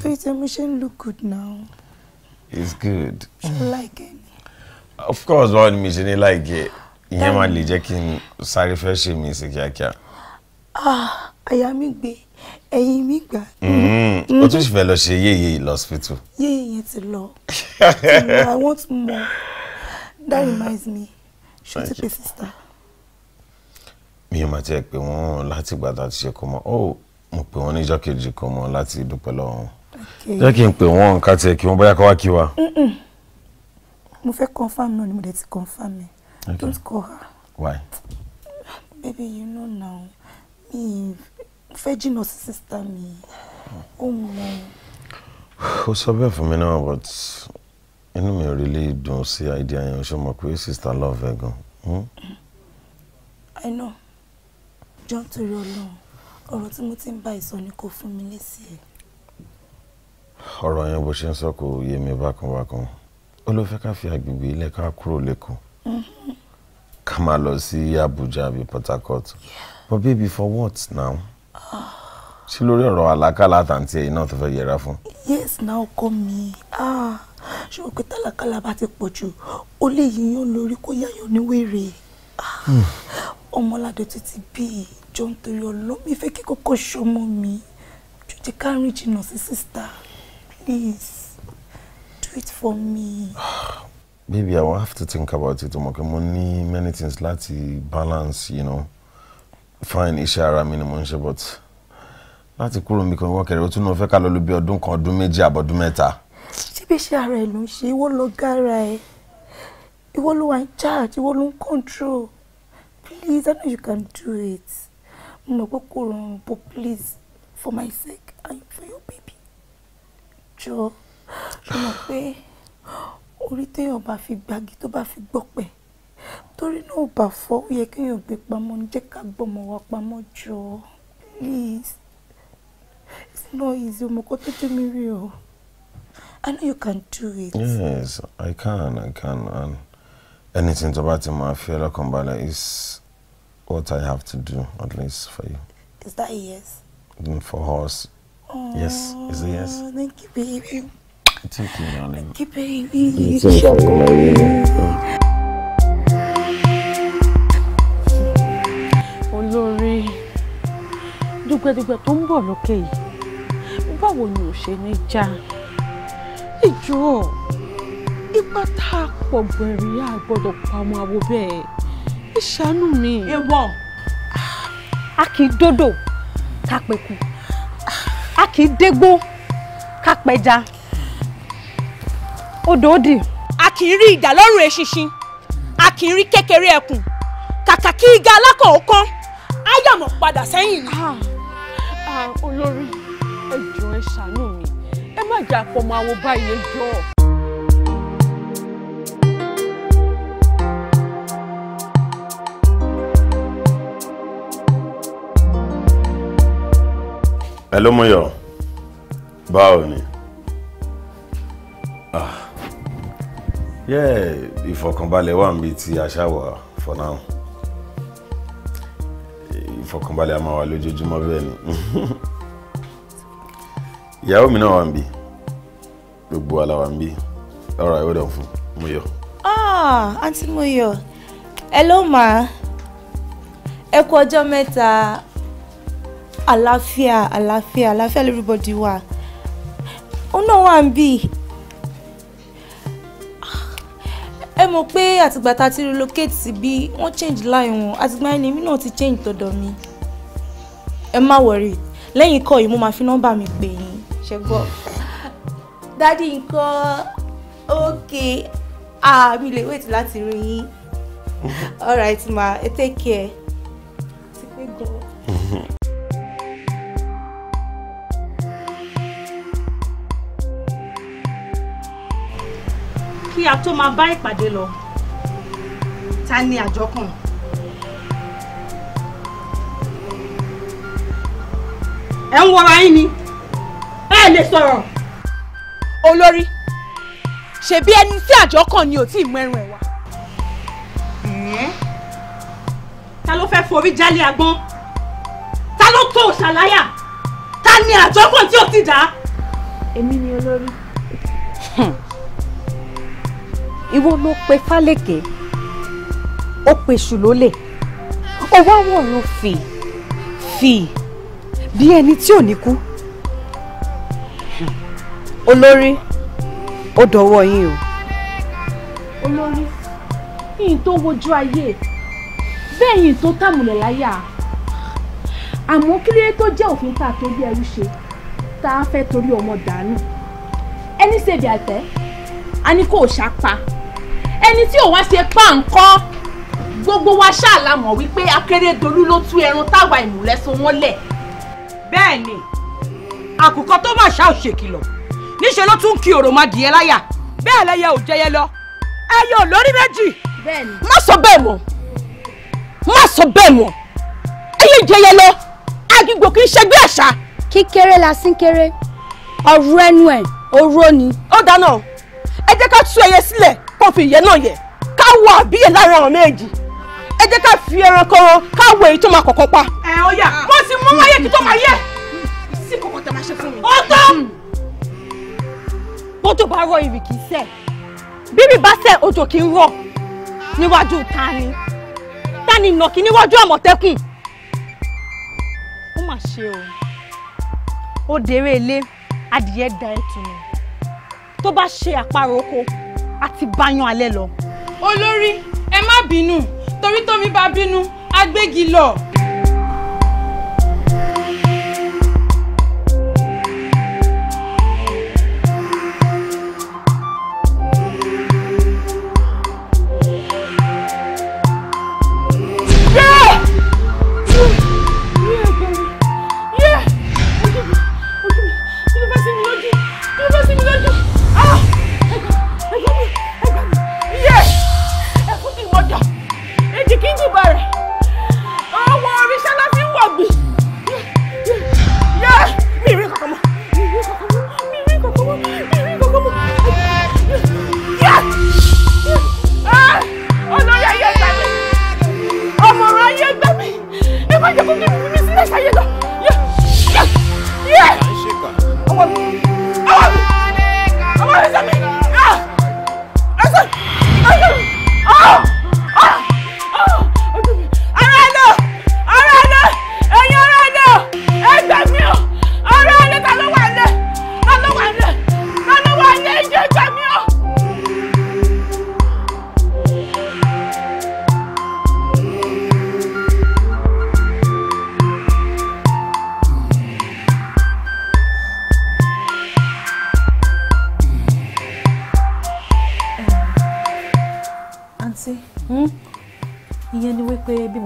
torí tí mo ṣe ń look good now. it's good. She like it of course báwo ni mi ṣe ní láìkẹ́ ìyẹn máa lè jẹ́ kí n sáré fẹ́ ṣe mí sí kíákíá. àyà ah, mi gbé ẹ̀yìn mi gbà. Mm-hmm. Mm-hmm. Mm-hmm. o tún sì fẹ́ lọ ṣe yéye lọ́sípítù. yéye yẹn ti lọ i want more that reminds me ṣé o ti pe sista. mi ò máa tiẹ̀ pé wọ́n láti ìgbà tá a ti ṣe kó mọ́ ọ́ mo pè wọ́n níjọ́ kejì kó mọ́ láti dúpẹ́ lọ́wọ́ wọn. jẹ́ kí n pè wọ́n ká tiẹ̀ kí wọ́n bóyá kó wá kí wa. Mm -mm mo fẹ́ confam náà ni mo dẹ̀ ti confam ẹ̀ don't call her. why. baby you know now mi fẹ́ jìnnà sí sísá mi ó mọ. ó sọ bẹ́ẹ̀ fún mi náà but inú mi ò rí lè dùn sí idea yẹn ṣé mo pé sister love ẹ gan. Hmm? i know john torí ọlọ́run ọ̀rọ̀ tí mo ti ń bá ìsọ ni kò fún mi lésì ẹ̀. ọ̀rọ̀ yẹn bó ṣe ń sọ kò yé mi bákan bákan ó ló fẹ́ ká fi agbègbè ilẹ̀ ká kúrò lẹ́kọ̀ọ́ ká máa lọ sí Abuja àbí Port Harcourt but baby for what now ṣé lórí ọ̀rọ̀ àlákàlà àtàntì ẹ̀yìn náà tó fẹ́ yẹra fún. yes na ọkọ mi ṣùgbọ́n pé tálákàlà bá ti pọ̀ jù ó lè yíyan lórí kó yáyan níwèrè ah, ọmọládé tó ti bí ìjọ nítorí ọlọ́mí fẹ́ kí kókó ṣọmọ mi jù ti ká rìn jìnnà sí sísítà please do for me. Baby, I will have to think about it. Mo ní many things láti balance, you know. Fine, iṣẹ́ ara mi ni mo ń ṣe, but láti kúrò mi kan wọ́n kẹ̀rẹ́ ó tún náà fẹ́ ká lọ lò bí ọdún kan ọdún méjì àbọ̀dún mẹ́ta. Síbi iṣẹ́ ara ẹ̀ ló ń ṣe, ìwọ ló gára ẹ̀, ìwọ ló wà in charge, ìwọ ló ń control. Please, I know you can do it. Mo mọ̀ pé kò rọrùn, but please, for my sake and for your baby, sure ṣe mọ̀ pé orí téèyàn bá fi gbági tó bá fi gbọ́pẹ̀ torí náà bá fọ́ ó yẹ kéèyàn gbé pamọ́ ní ká gbọ́mọ wa pamọ́ jọ please it's not easy ọmọ kó tó jẹ́ mi rí o I know you can do it. yes I can I can and anything tó bá ti máa fi ọlọ́kàn balẹ̀ is what I have to do at least for you. is that a yes? Mm, for us. Aww, yes is a yes. Oh, thank you baby. It's okay, darling. Thank you, baby. It's okay. Olórí, dùgbẹ̀dùgbẹ̀ tó ń to lókè okay? báwo ni ò ṣe ní já? Ìjọ ipa tá a pọ̀ gbẹ̀rì á gbọ́dọ̀ pamọ́ àwo bẹ́ẹ̀. Ìṣàánú mi. Ewọ́, a kì í dódò ká pẹ̀kú, a kì í dégbó ká pẹja odò òdì. a kì í rí ìdá lọ́rùn eṣinṣin a kì í rí kékeré ẹkùn kàkà kí iga alákọ̀ọ́kán á yàmọ̀ padà sẹ́yìn ni. olórí ẹ jọ̀ọ́ ẹ ṣàánú mi ẹ má jà pọ̀ mọ́ àwọn báyìí ẹ jọ̀ọ́. Hello, Moyo. Báwo ni? yeah ìfọ̀kànbalẹ̀ wà tí asawa for now ìfọ̀kànbalẹ̀ a máa wà lójoojúmọ́ gbogbo àlà wà níbi ọ̀rọ̀ ìwé dàn ah auntie muyo hello ma ẹ kú ọjọ́ mẹ́ta àlàáfíà everybody wà ó náà ẹ mọ̀ pé àtìgbà tá a ti relocate síbí wọ́n change line wọn àtìgbà yẹn èmi náà ti change tọ̀dọ̀ mi ẹ má worry lẹ́yìn kọ́ yìí mo máa fi nọ́mbà mi pè yín ṣe gbọ́ dádì nǹkan Ah, àmì lè wait láti rí yín mm-hmm. all right ma take care. kí a tó máa bá ìpàdé lọ ta ni àjọkàn. ẹ ń wọra yín ni ẹ lè sọ̀rọ̀. olórí ṣebí ẹni tí àjọkàn ni ò tí ì mú ẹrù ẹ wá. ta ló fẹ́ forí jálẹ̀ àgbọn ta ló tó òṣàláyà ta ni àjọkàn tí ò ti dá. èmi ni olórí. ìwọ ló pe fálẹ́kẹ́ ó pe ṣù lólè ó wá wọ̀run fì fì bí ẹni tí ò ní kú olórí ó dọwọ́ yín o. olórí yìí tó wojú ayé bẹ́ẹ̀ yìí tó tàmùlẹ̀ láyà àmọ́ kílé tó jẹ́ òfin tá a tó bí ẹrú ṣe tá a fẹ́ torí ọmọ dànù ẹni ṣèbí àtẹ a ní kó o ṣá ẹni tí ò wá ṣe páǹkọ́ gbogbo wa ṣáà la mọ̀ wípé Akérédolú ló tú ẹran táwa ìmùlẹ̀ so wọ́n lẹ̀. bẹ́ẹ̀ ni àkùkọ tó mà ṣá ò ṣèkìlọ̀ níṣẹ́ ló tún kí òròmọ adìẹ láyà bẹ́ẹ̀ lẹ́yẹ ò jẹyẹ lọ ẹyẹ ò lórí méjì. bẹ́ẹ̀ni. má sọ bẹ́ẹ̀ mọ́ má sọ bẹ́ẹ̀ mọ́ ẹyẹ jẹyẹ lọ agígbò kì í ṣẹgbẹ àṣà. kíkéré la sí kéré ọ̀rọ̀ ẹnu ẹ̀ oró ni. ó dáná ẹ jẹ́ ká tú ẹyẹ sílẹ̀ kó fi ìyẹn náà yẹ ká wo àbíyẹ lára ọ̀ràn méjì ẹ jẹ́ ká fi ẹran kọ́ran ká wo èyí tó máa kọ̀kan pa. ẹ ọ yà mo sì mú wáyé kí tó máa yẹ sí kọ̀kan tẹ máa ṣe fún mi. ọ̀tọ̀. Hmm. bójú bá rọ ìrì kì í sẹ̀ bíbí bá sẹ̀ òjò kì í rọ̀ níwájú tani tani nàkí níwájú àmọ̀tẹ́kùn ó mà ṣe o ó dèrè ilé adìyẹ da ẹtù ni tó bá ṣe àparò oko a ti báyan alẹ́ lọ. olórí ẹ má bínú torí tómi bá bínú agbégi lọ. kì í jìbọn rẹ̀ ọwọ́ oríṣẹ́ ló fi ń wọ̀gbì yẹ mi rí kankan mọ́ mi rí kankan mọ́ mi rí kankan mọ́ mi rí kankan mọ́ yẹ olóyè ah, ayé gbà mí ọmọràn ayé gbà mí ẹ má jẹ́ kó kí mi sílẹ̀ ṣayé lọ yẹ yẹ ọmọ mi.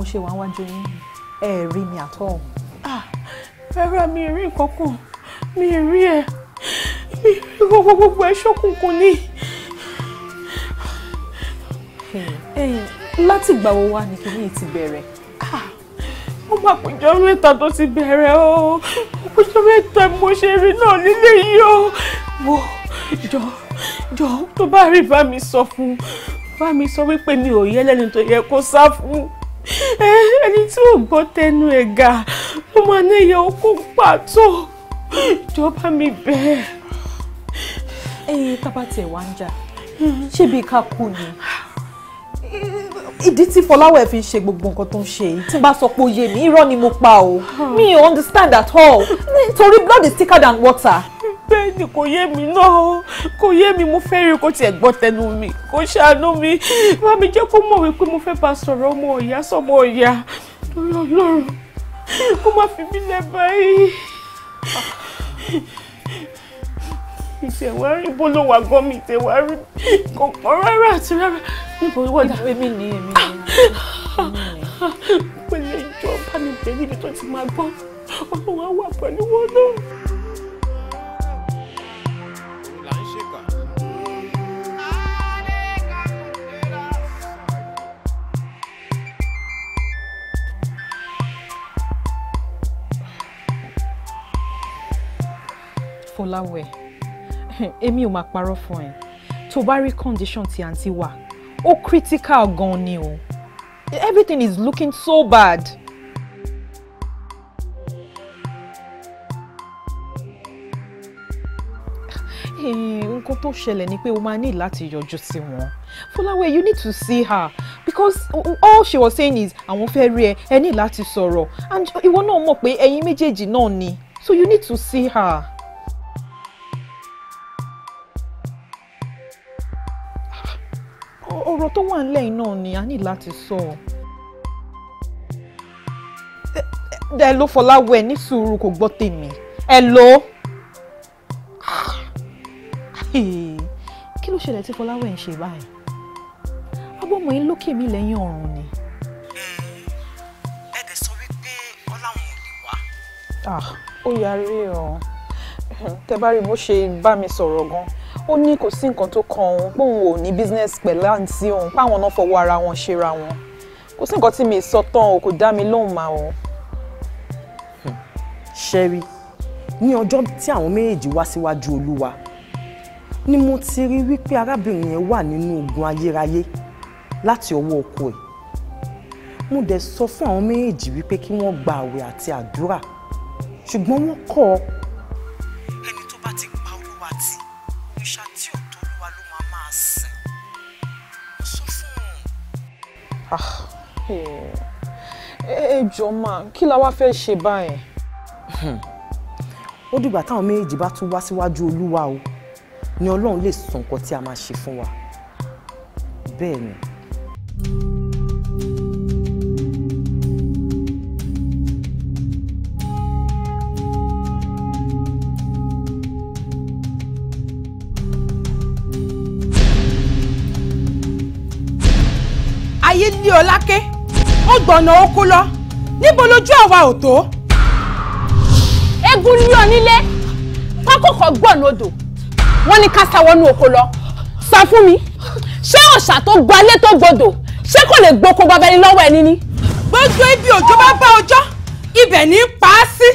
mo ṣe wà wájú yín ẹ rí mi àtọ. Ah, rárá mi rí nǹkan kan mi rí ẹ mi rí gbogbo ẹ ṣókùnkùn ni. láti ìgbà wo wá ni kìnìún ti bẹ̀rẹ̀. ó ah, máa péjọ mẹ́ta tó ti bẹ̀rẹ̀ o péjọ mẹ́ta mo ṣe rí náà nílé yìí o wò jọ jọ tó bá rí bá mi sọ fún bá mi sọ wípé mi ò yẹ lẹ́ni tó yẹ kó sá fún ẹni tí ò gbọ́ tẹnu ẹ̀ ga ó máa ní ẹyẹ okó pàtó ìjọba mi bẹ́ẹ̀. ẹyin tábà tiẹ̀ wá ń jà ṣé bíi ká kú ni ìdí tí Fọláwẹ̀ fi ń ṣe gbogbo nǹkan tó ń ṣe yìí tí n bá sọ pé oyè mi irọ́ ni mo pa o ah. mi understand at all nítorí blood is thicker than water bẹ́ẹ̀ni kò yé mi náà kò yé mi mo fẹ́ rí kó tiẹ̀ gbọ́ tẹnu mi kó ṣàánú mi má mi jẹ́ kó mọ̀ wípé mo fẹ́ bá sọ̀rọ̀ ọmọ ìyá sọmọ ìyá lọ́lọ́run kó má fi mí lẹ̀ báyìí. ìtẹ̀wárí bó ló wà gan mi ìtẹ̀wárí kò pọ̀ rárá àti rárá níbo ìwọ́dà. èmi ni èmi ni. pẹ̀lú ìjọba mi bẹ̀rẹ̀ níbi tó ti máa gbọ́ ọlọ́run á wà pẹ̀lú wọn náà. Fọláwẹ̀ èmi ò máa parọ́ fún ẹ tó bá rí condition ti àǹtí wa ó critical gan ni o everything is looking so bad. Eh, nǹkan tó ṣẹlẹ̀ ni pé o máa ní láti yọjú sí wọn Fọláwẹ̀ you need to see her because all she was saying is àwọn fẹ́ rí ẹ ẹ ní láti sọ̀rọ̀ and ìwọ náà mọ̀ pé ẹ̀yin méjèèjì náà ni so you need to see her. ọ̀rọ̀ tó wà nílẹ̀ iná ni a ní láti sọ ẹ ló Fọláwẹ ní sùúrù kò gbọ́ tèmi ẹ ló kí ló ṣẹlẹ̀ tí Fọláwẹ ń ṣe báyìí abọ́mọ yín lókè mi lẹ́yìn ọ̀run ni. ẹ dẹ̀ sọ wípé ọláwọn ò lè wá. Ah, ó yarí o tẹ bá rí bó ṣe bá mi sọ̀rọ̀ gan-an ó ní kò sí nǹkan tó kan òun pé ò ní business pẹ̀lú àǹtí òun páwọn náà fọwọ́ ara wọn ṣera wọn kò sí nǹkan tí mi sọ tán o kò dá mi lóhùn mà o. ṣẹ́rí ní ọjọ́ tí àwọn méjèèjì wá síwájú olúwa ni mo ti rí wípé arábìnrin yẹn wà nínú ogun ayérayé láti ọwọ́ ọkọ ẹ̀ mo dẹ̀ sọ fún àwọn méjèèjì wípé kí wọ́n gba àwẹ̀ àti àdúrà ṣùgbọ́n wọ́n kọ̀ ọ́ ẹ jọ máa kí la wá fẹ́ ṣe báyẹn. Hmm. ó dìgbà táwọn méjèèjì bá tún wá síwájú olúwa o ni ọlọ́run lè sọ nǹkan tí a máa ṣe fún wa bẹ́ẹ̀ ni. Mm. yìí lé ọlákẹ́ ó gbọ̀nà oko lọ níbo lójú àwa ò tó. eégún ní onílé pákókò gbọ̀nà odò wọ́n ní ká sáwọnú oko lọ sọ fún mi ṣé òòṣà tó gbalé tó gbodò ṣé kò lè gboko bàbá ẹni lọ́wọ́ ẹni ni. gbogbo ibi òjò bá bá ọjọ́ ibẹ̀ ní pa á sí.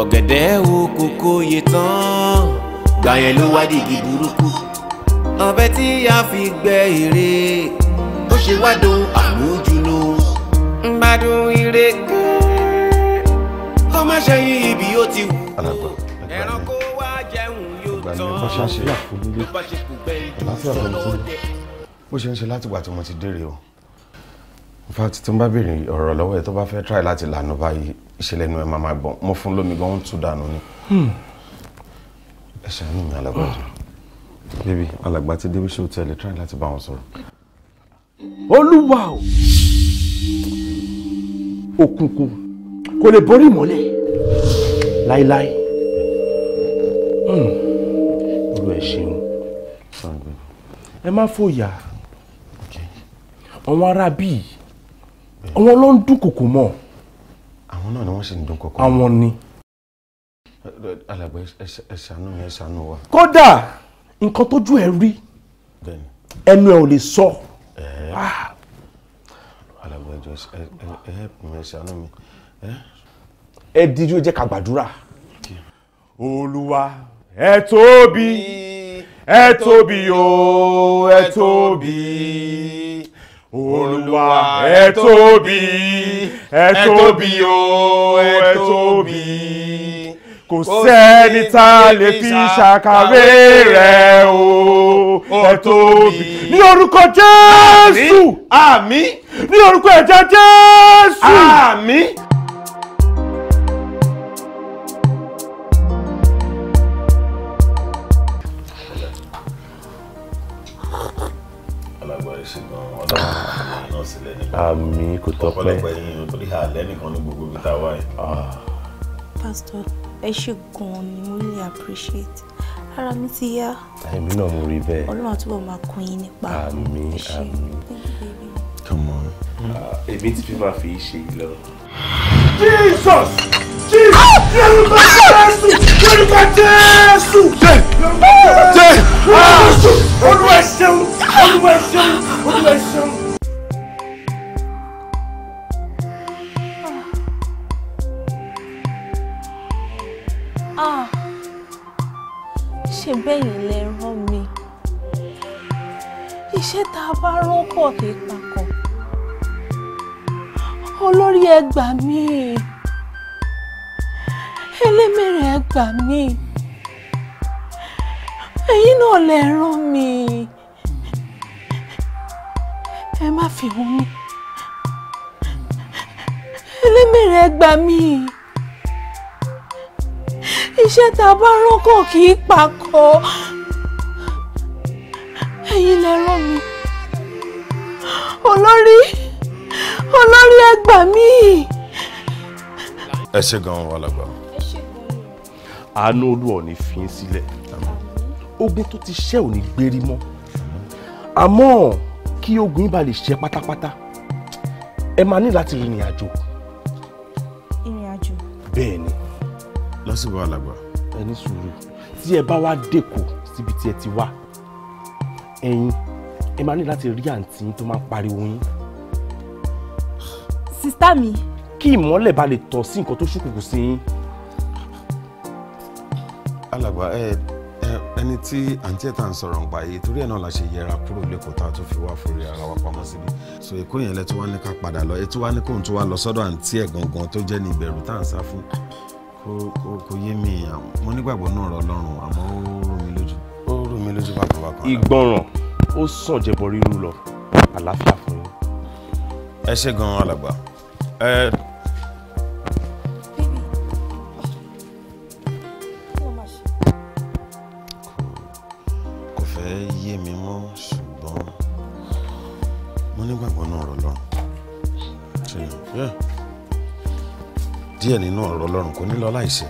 ọ̀gẹ̀dẹ̀ wo kókó yẹ tán gbà yẹn ló wá dìgì burúkú. ọ̀bẹ tí a fi gbẹ ère ó ṣe wá dùn àmójúlò. ń bá dùn ire gan-an kó má ṣẹyìn ibi ó ti wù. ẹranko wá jẹun yóò tán ló bá ṣe kù gbẹ ìdúró ṣe ń ṣe láti wà tí mo ti dére o fati tó ń bá béèrè ọ̀rọ̀ lọ́wọ́ ẹ̀ tó bá fẹ́ try láti lànà báyìí ìṣẹ̀lẹ̀ nu ẹ̀ máa máa gbọ̀n mo fún lómi gan-an tún dànù ni. Hmm ẹ ṣàánú mi alàgbà jù bíbí alàgbà ti débi ṣé o tẹ̀lé try láti bá wọn sọ̀rọ̀. olúwa o òkùnkùn kò lè borí ìmọ́lẹ̀ láíláí hmm. olú ẹ ṣeun ẹ má fòyà àwọn ará bíi àwọn ló ń dúnkòkò mọ́ àwọn náà ni wọ́n ṣe ń dúnkòkò àwọn ni. Okay alàgbà ẹ ṣàánú ẹ ṣàánú wa. kódà nǹkan tójú ẹ rí ẹnu ẹ ò lè sọ. alàgbà ẹ ah. mi. ẹ díjú jẹ́ ká gbàdúrà. olúwa ẹ tóbi ẹ tóbi o ẹ tóbi olúwa ẹ tóbi ẹ tóbi o ẹ tóbi kò sẹ́ni tá a lè fi ṣàkàwé rẹ̀ o ẹ tóbi ní orúkọ jésù àmín ní orúkọ ẹ̀jẹ̀ jésù àmín. àmín kò tọ́pẹ́ ọ̀pọ̀lọpọ̀ ẹ̀yin ò torí àlẹ́ nìkan ní gbogbo ibi tá a wáyé. Ah. pásítọ̀ ẹ ṣe gan-an ni mo really appreciate ara mi ti yá. èmi náà mo rí bẹ́ẹ̀. ọlọ́run túbọ̀ máa kún yín nípa. àmín àmín come on. Ah, èmi ti fi máa fi í ṣe lọ. Jesus Jesus Yorùbá Jésù Yorùbá Jésù Yorùbá Jésù Olúwa ṣeun Olúwa ṣeun Olúwa ṣeun. ṣe bẹ́yìn lẹ rán mi iṣẹ́ tá a bá rán pọ̀ kì í papọ̀ olórí ẹ gbà mí ẹlẹ́mẹ̀rẹ̀ ẹ gbà mí ẹ̀yin náà lẹ rán mi ẹ má fi wọ́n mi ẹlẹ́mẹ̀rẹ̀ ẹ gbà mí iṣẹ́ tá a bá rán kò kì í pakọ́ ẹ̀yin lẹ rán mi olórí olórí ẹ gbà mí. ẹ ṣe gan-an alàgbà. àánú olúwa ò ní fi í sílẹ̀ ogun tó ti ṣẹ́ ò ní gbérí mọ́ àmọ́ kí ogun yín bá lè ṣẹ́ pátápátá ẹ máa ní láti rìnrìn àjò wọ́n sì wà lágbà. ẹ ní sùúrù tí ẹ bá wá dẹ́kọ̀ síbi tí ẹ ti wá ẹ̀yin ẹ máa ní láti rí àǹtí tó máa ń pariwo yín. sista mi. kí ìmọ́lẹ̀ bá lè tọ̀ sí nǹkan tó ṣùkùnkùn sí yín. alàgbà ẹ ẹni tí àǹtí ẹ̀ ń sọ̀rọ̀ nípa yìí torí ẹ̀ náà la ṣe yẹra kúrò lẹ́kọ̀ọ́ tá a tún fi wá forí ara wa pamọ́ síbi so èkó yẹn lẹ tó wá ní ká padà lọ ètò wá ní kóhun tó wá lọ sọ́dọ̀ àǹtí ẹ̀ gangan tó jẹ́ ní ìbẹ̀rù tá à ń sá fún kò yé mi mo nígbàgbọ́ náà rọ lọ́rùn àmọ́ ó rú mi lójú. ó rú mi lójú bàbá wa kan. ìgbọràn ó sàn jẹbọ ríru lọ àlàáfíà fún yín. ẹ ṣe gan alàgbà. kò fẹ́ yé mi mọ́ ṣùgbọ́n mo nígbàgbọ́ náà rọ lọ́rùn. Yeah díẹ̀ nínú ọ̀rọ̀ ọlọ́run kò ní lọ láìsí.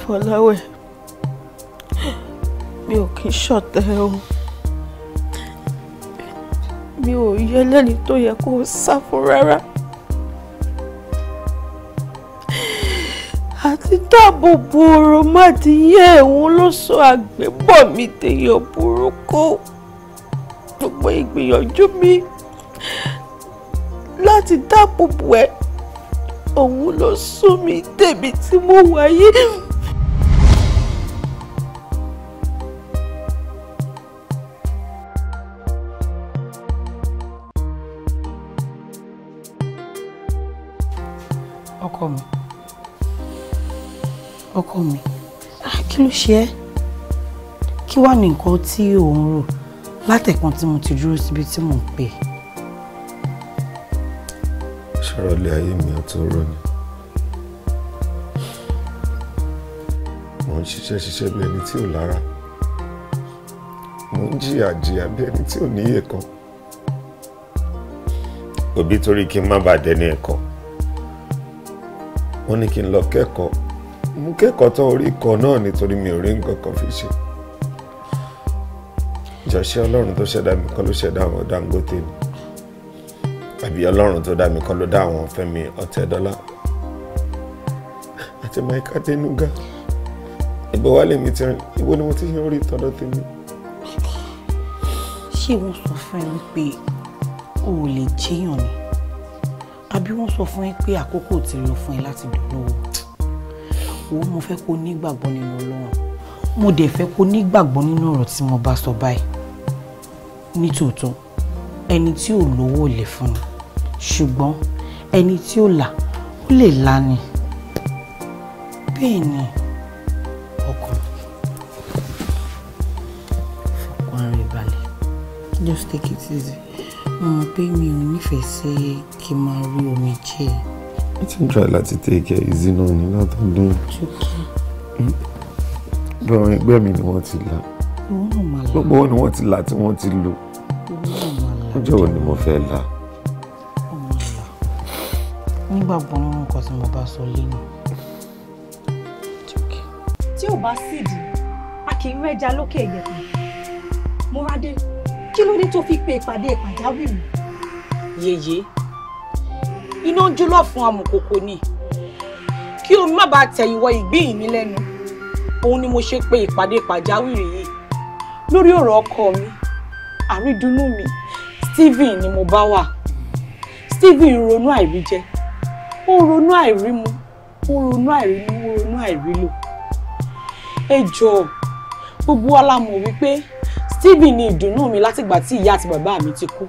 fọláwẹ̀ mi ò kí ṣọ̀tẹ̀ o mi ò yẹ lẹ́ni tó yẹ kó sá fún rárá. ti dáàbò bo ọ̀rọ̀ má ti yé ẹ̀hún ló sọ àgbébọ̀ mi tèèyàn burúkú gbogbo ìgbìyànjú mi láti dáàbò bo ẹ òun ló sún mi débi tí mo wáyé. ọkọ mi ah, kí ló ṣe ẹ́ kí wàá ní nǹkan tí òun rò látẹ̀kan tí mo ti dúró síbi tí mò ń pè. sọ̀rọ̀ ilé ayé mi ò tó rọ ni mò ń ṣiṣẹ́ ṣiṣẹ́ bí ẹni tí ò lára mò ń jìyà jìyà bí ẹni tí ò níyè kan òbí torí kí n má bàa dẹni ẹ̀kọ́ wọ́n ní kí n lọ kẹ́kọ̀ọ́ ń kẹ́kọ̀ọ́ tán orí ikọ̀ náà nítorí mi ò rí nǹkan kan fi ṣe ìjọṣẹ́ ọlọ́run tó ṣẹ̀dá mi kọ́ ló ṣẹ̀dá àwọn Dangote ni àbí ọlọ́run tó dá mi kọ́ ló dá àwọn Fẹ́mi Ọ̀tẹ́dọ́lá àti Michael Adenuga ìbò wa lèmi ti rìn ìbò ni mo ti ń rí tọ́dọ̀ tèmi. ṣé wọ́n sọ fún ẹ wípé o ò lè jẹ́yàn ni àbí wọ́n sọ fún ẹ pé àkókò ti lọ fún ẹ láti dùn lọ́wọ́ wo mo fẹ́ kó nígbàgbọ́ nínú Ọlọ́run mo dẹ̀ fẹ́ kó nígbàgbọ́ nínú ọ̀rọ̀ tí mo bá sọ báyìí nítòótọ́ ẹni tí ò lówó lè fún ni ṣùgbọ́n ẹni tí ò là ó lè là ni bẹ́ẹ̀ ni just take it easy mo mọ̀ pé mi ò nífẹ̀ẹ́ sí kí n máa rí omi jẹ́ ẹ̀ i ti n try láti take it easy náà ní látọdún lọ́wọ́ ẹgbẹ́ mi ni wọ́n ti là gbogbo wọn ni wọ́n ti là tí wọ́n ti lò ọjọ́ wo ni mo fẹ́ là. nígbàgbọ́ nínú nǹkan tí mo bá sọ lẹ́nu. tí ò bá sídìí a kì í rẹ́jà lókè ìyẹ̀pẹ̀ Morade kí ló dé tó fi pe ìpàdé pàjáwìrì. yèyé iná ń jólọ́ fún amùkòkò ni kí omi má bàa tẹ̀yìn wọ ìgbín mi lẹ́nu òun ni mo ṣe pé ìpàdé pàjáwìrì yìí lórí ọ̀rọ̀ ọkọ mi àrídùnnú mi Stephen ni mo bá wà Stephen ronú àìríjẹ ó ronú àìrímu ó ronú àìrínú ó ronú àìrílò ẹ jọ̀ọ́ gbogbo wa la mọ̀ wípé Stephen ni ìdùnnú mi látìgbà tí ìyá àti bàbá mi ti kú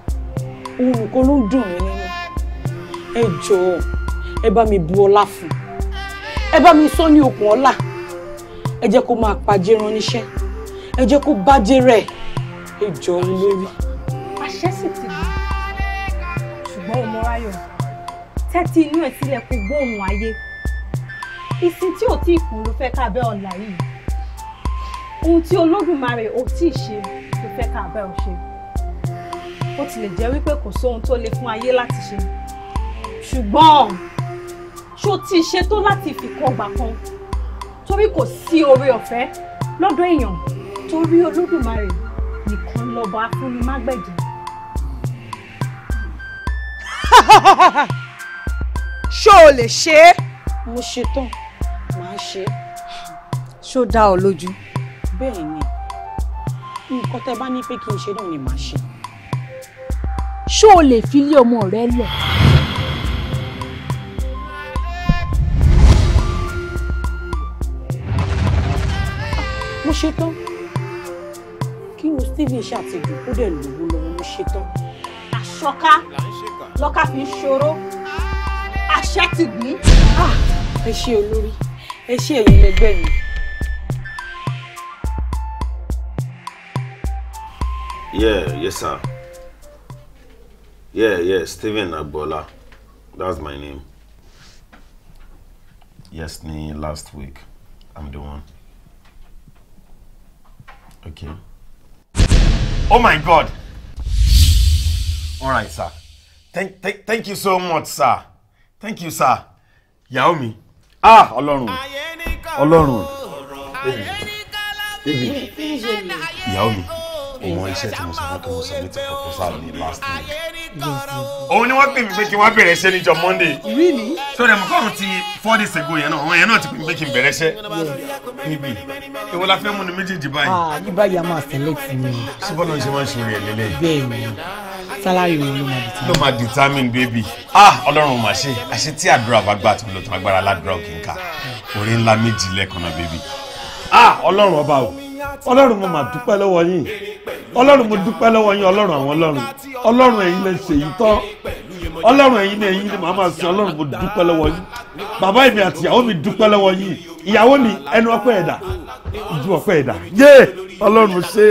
òun nìkan ló ń dùn mí nínú ẹ jọ̀ọ́ ẹ bá mi bu ọlá fún ẹ bá mi sọ ní okùn ọlá ẹ jẹ́ kó máa pàjẹ́ ran níṣẹ́ ẹ jẹ́ kó bájẹ́ rẹ̀ ẹ jọ̀ọ́ olórí. àṣẹ sì ti bù ṣùgbọ́n ọmọ ráyọ̀ tẹ́tí inú ẹ̀ sílẹ̀ kó gbóhùn ayé ìsìn tí ò tí ì kún ló fẹ́ ká bẹ́ ọ̀la yìí ohun tí olódùmarè ò tí ì ṣe ló fẹ́ ká bẹ́ ọ ṣe bó tilẹ̀ jẹ́ wípé kò sóhun tó le fún ayé láti ṣe ṣùgbọ́n ṣó ti ṣetó láti fìkan gbà kan torí kò sí oore ọ̀fẹ́ lọ́dọ̀ èèyàn torí olódùmarè nìkan lọ́ba afúnimágbẹ̀dì. ṣó o lè ṣe é. mo ṣetán màá ṣe é. ṣó dá ọ lójú. bẹ́ẹ̀ ni nǹkan tẹ́ bá ní pé kí n ṣe náà ni màá ṣe. ṣó o lè fi ilé ọmọ rẹ lẹ̀. ṣetán kí irun Stephen ṣàtìjú kó dẹ̀ lówó lọ́wọ́ ló ṣetán àṣọká lọ́ka fi ń ṣòro àṣẹ ti gbìn. Ah, ẹ ṣe olórí ẹ ṣe èyí lẹgbẹ́ mi. Yeah, yes, sir. Yeah, yeah, Stephen Agbola. That's my name. Yes, me last week. I'm the one. Okay. Oh my God! All right, sir. Thank, thank, thank you so much, sir. Thank you, sir. Ìyàwó Ah, Ọlọ́run. Ọlọ́run. Ìyàwó mo mọ iṣẹ́ tí mo sọ fún kí mo submit proposal ní last week. òun ni wọ́n pè mí pé kí wọ́n bẹ̀rẹ̀ iṣẹ́ níjọ monday. really. so dem kọ́ ọ̀run ti four days ago yẹn náà àwọn yẹn náà ti pè mí pé kí n bẹ̀rẹ̀ iṣẹ́. níbi ìwọ la fẹ́ mú ni méjèèjì báyìí. ah ní báyìí a máa select mi. síbọ̀ náà ṣe máa ń ṣe rẹ̀ lélẹ̀. bẹ́ẹ̀ ni salary mi ló máa determine. ló máa determine baby. ah ọlọ́run mà ṣe àṣẹ tí àdúrà bá gbà tó lọ tán agbára aládùúrà òkè ńkà orí ńlá méjì lẹ́ẹ̀kan náà baby. ah ọlọ́run ọba o ọlọ́run mo máa dúpẹ́ lọ́wọ́ yín ọlọ́run mo dúpẹ́ lọ́wọ́ yín ọlọ́run àwọn ọlọ́run ọlọ́run ẹ̀yin lè ṣèyí tán ọlọ́run ẹ̀yin ni ẹ̀yin ni màá máa sin ọlọ́run mo dúpẹ́ lọ́wọ́ yín bàbá èmi àti ìyàwó mi dúpẹ́ lọ́wọ́ yín ìyàwó mi ẹnu ọpẹ́ ẹ̀dá ju ọpẹ́ ẹ̀dá yé ọlọ́run ṣe.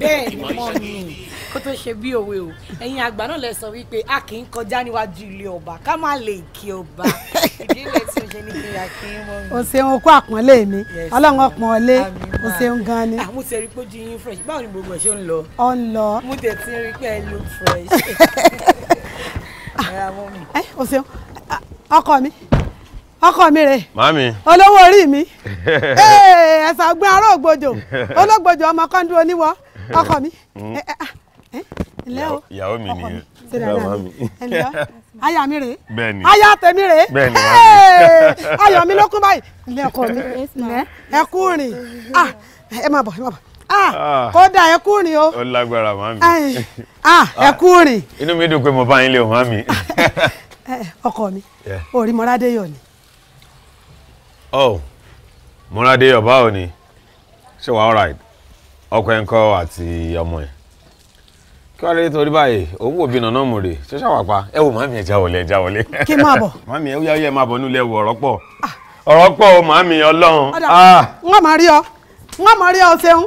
bẹ́ẹ̀ ni mo ní kó tó ṣe bí òwe o ẹ̀yin àgbà náà lè sọ wípé a kì í kọjá níwájú ilé ọba ká má lè kí ọba o ṣeun kó àpọ́nlé mi ọlọ́run ọpọ́nlé o ṣeun gan ni. àmúṣe ah, rí pé yín fresh báwo ni gbogbo ẹ̀ ṣe ń lọ. ọ̀ ń lọ. mo tẹ̀ tí rí pé ẹ look fresh o ṣeun ọkọ mi ọkọ mi rè. màámi. olówó orí mi. ẹ̀sà ọgbìn ará ògbójò ológbòjò ọmọ kọ́ńdú oníwọ ọkọ mi. Mm-hmm. Ah, ǹlẹ́ o ìyàwó mi nìyẹn ìyàwó mi. aya mi rè. bẹ́ẹ̀ni aya tèmi rè. bẹ́ẹ̀ni ayọ̀ mi ló kún báyìí. ǹlẹ́ ọkọ mi ẹ kú rìn ah, ẹ má bọ̀ ẹ má bọ̀. Ah, ah. kódà ẹ kú rìn o. ó lágbára màmí. Ah, ẹ kú rìn. inú mi dùn pé mo bá yín lé o màmí. Eh, eh, ọkọ mi orí mọ́rádéyọ̀ ni. oh mọ́rádéyọ̀ báwo ni ṣé wàá alright ọkọ ẹ̀ ń kọ́ àti ọmọ ẹ̀ kí wàá lè torí báyìí owó òbí nànà múre ṣé ṣàwà pa ẹ wò màmí ẹ já wọlé já wọlé. kí n máa bọ̀. màmí ẹ wúyáwúyá ẹ máa bọ̀ nílé ẹwù ọ̀rọ̀ pọ̀ ọ̀rọ̀ pọ̀ màmí ọlọ́run. ọ̀dà wọn máa rí ọ wọn máa rí ọ ṣeun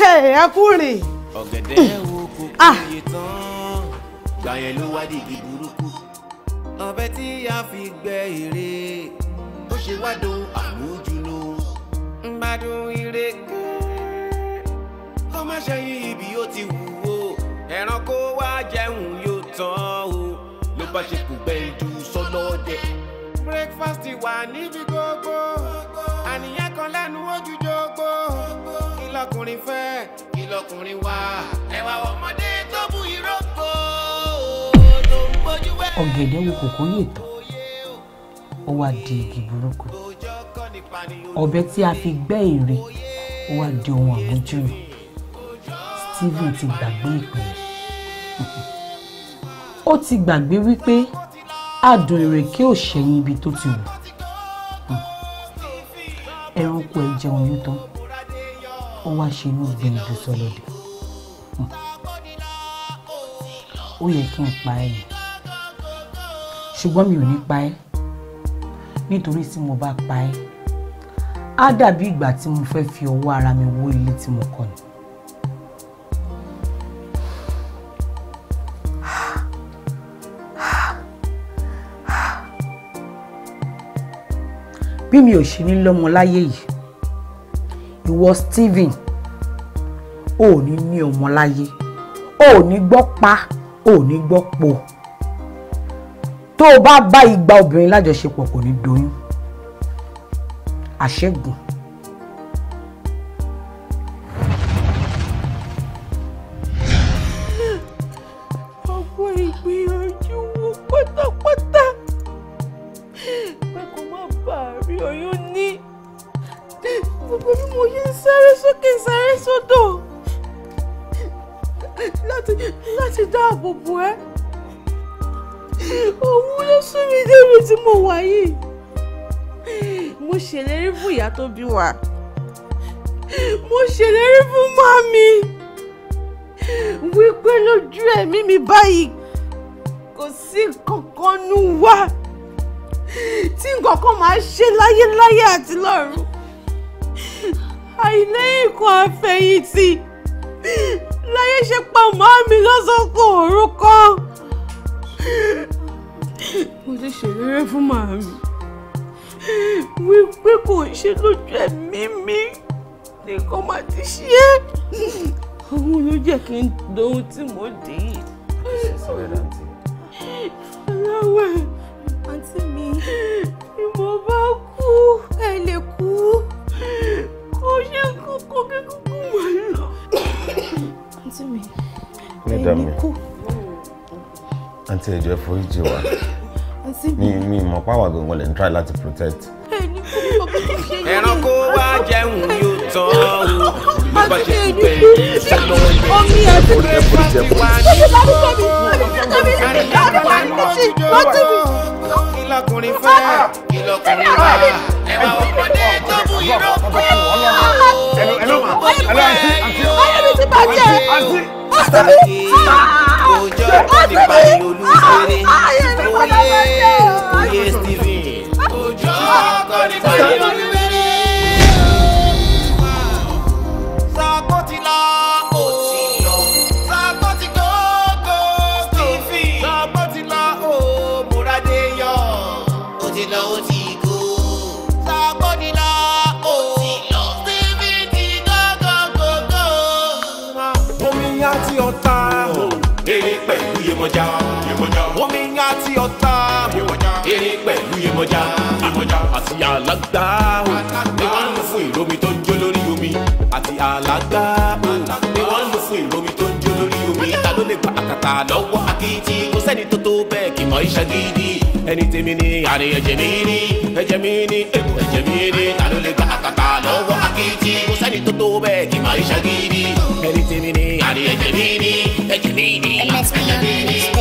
ẹ kú rìn. ọ̀gẹ̀dẹ̀ wo kò ah. péye tán gbà yẹn ló wá dìgì burúkú ọbẹ̀ tí a fi gbẹ èrè ó ṣe wá dùn àmójúnú gbádùn ìrèké kó má ṣẹyìn ibi ó ti wù ó ẹranko wá jẹun yóò tán o ló bá ṣe kò gbẹ ìdú sọlọ́ọ̀dẹ. breakfast wà níbi gbogbo àníyàn kan lẹ́nu ojú jogbo lọkùnrin fẹ́ kí lọkùnrin wá ẹwà ọmọdé tó bu ìrókò tó ń gbójú wẹ́. ọ̀gẹ̀dẹ̀ wo kòkó yè tán ó wá di igi burúkú ọ̀bẹ tí a fi gbẹ́ ère ó wá di ohun àmójúrò Stephen ti gbàgbé ìpìlẹ̀ ó ti gbàgbé wípé adùn ìrèké ò ṣẹ̀yìn ibi tó ti wù ẹranko ẹ̀ jẹun yóò tán ó wá ṣe inú gbìyànjú sọlọ́dẹ ó yẹ kí n pa ẹ́ yìí ṣùgbọ́n mi ò ní pa ẹ́ nítorí tí mo bá pa ẹ́ á dàbí ìgbà tí mo fẹ́ fi ọwọ́ ara mi wó ilé tí mo kọ́ ni. bí mi ò ṣe ní lọ́mọ láyé yìí ìwọ Stephen ò ní ní ọmọ láyé ò ní gbọ́ pa ò ní gbọ́ po tó o bá bá igba obìnrin lájọṣepọ̀ kò ní doyún àṣẹ́gun gbogbo bí mo yẹ ń sáré sókè sáré sódò láti láti dáàbò bò ẹ́ òun ló sún mi débi tí mo wà yìí mo ṣèlérí fún ìyá tó bí wa mo ṣèlérí fún mami wípé lójú ẹ̀mí mi báyìí kò sí kankan nù wá tí nǹkan kan máa ṣe láyéláyé àti lọ́run àìlẹ́yìn kan àfẹ̀yìntì láyé ṣe pa màámi lọ́sọ̀kọ̀ òru kan. mo ti ṣèlérí fún màámi wípé kò ṣe lójú ẹ̀mí mi nìkan má ti ṣe é. àwọn ló jẹ́ kí n dohun tí mo dì í. aláwẹ̀ àǹtí mi ni mo bá kú ẹ lè kú ó ṣe kókó kékókó wà lọ. àǹtí mi ẹ̀yin me, kú. àǹtí ẹ̀jọ̀ foríjì wa mi mi mọ̀ páwà gbọ̀ngàn lè ń try láti protect. ẹranko wá jẹun yóò tán o é sábọ̀ omi àti lọkùnrin fẹ́ ah! kí lọkùnrin wá ẹ̀wà ọmọdé tó mú irọ́ pọ̀ ẹ̀lọ́ ma ẹ̀lọ́ àti àti ayé mi ti bàjẹ́ àti àti òjò nípa ìlú fèrè oyè oyè Stephen òjò kọ́ nípa ìlú. alàgbà o ni wọ́n fún tó ń jó lórí omi àti alàgbà o ni wọ́n fún tó ń jó lórí omi ta ló lè àkàtà lọ́wọ́ akitì kò sẹ́ni tó tó bẹ́ẹ̀ kì mọ́ iṣẹ́ gidi ẹni tèmi ni àrè ẹ̀jẹ̀ mi ni ẹ̀jẹ̀ mi ni èkó ẹ̀jẹ̀ mi ni ta ló lè àkàtà lọ́wọ́ akitì kò sẹ́ni tó tó bẹ́ẹ̀ kì mọ́ iṣẹ́ gidi ẹni tèmi ni àrè ẹ̀jẹ̀ mi ni ẹ̀jẹ̀ mi ni ẹ̀jẹ̀ mi ni.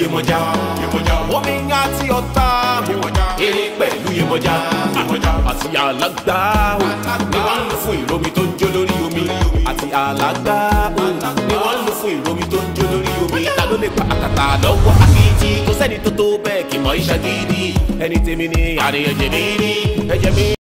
Yemọja omi ń yá tí ọ̀tá eré pẹ̀lú Yemọja àti alàgbà ni wọ́n ń fún ìromi tó ń jó lórí omi àti alàgbà. lè pa àkàtà lọ́wọ́ akíji kò sẹ́ni tó tó bẹ́ẹ̀ kì mọ́ iṣẹ́ gidi ẹni tèmi ni àríyànjẹ mi ni ẹ̀jẹ̀ mi.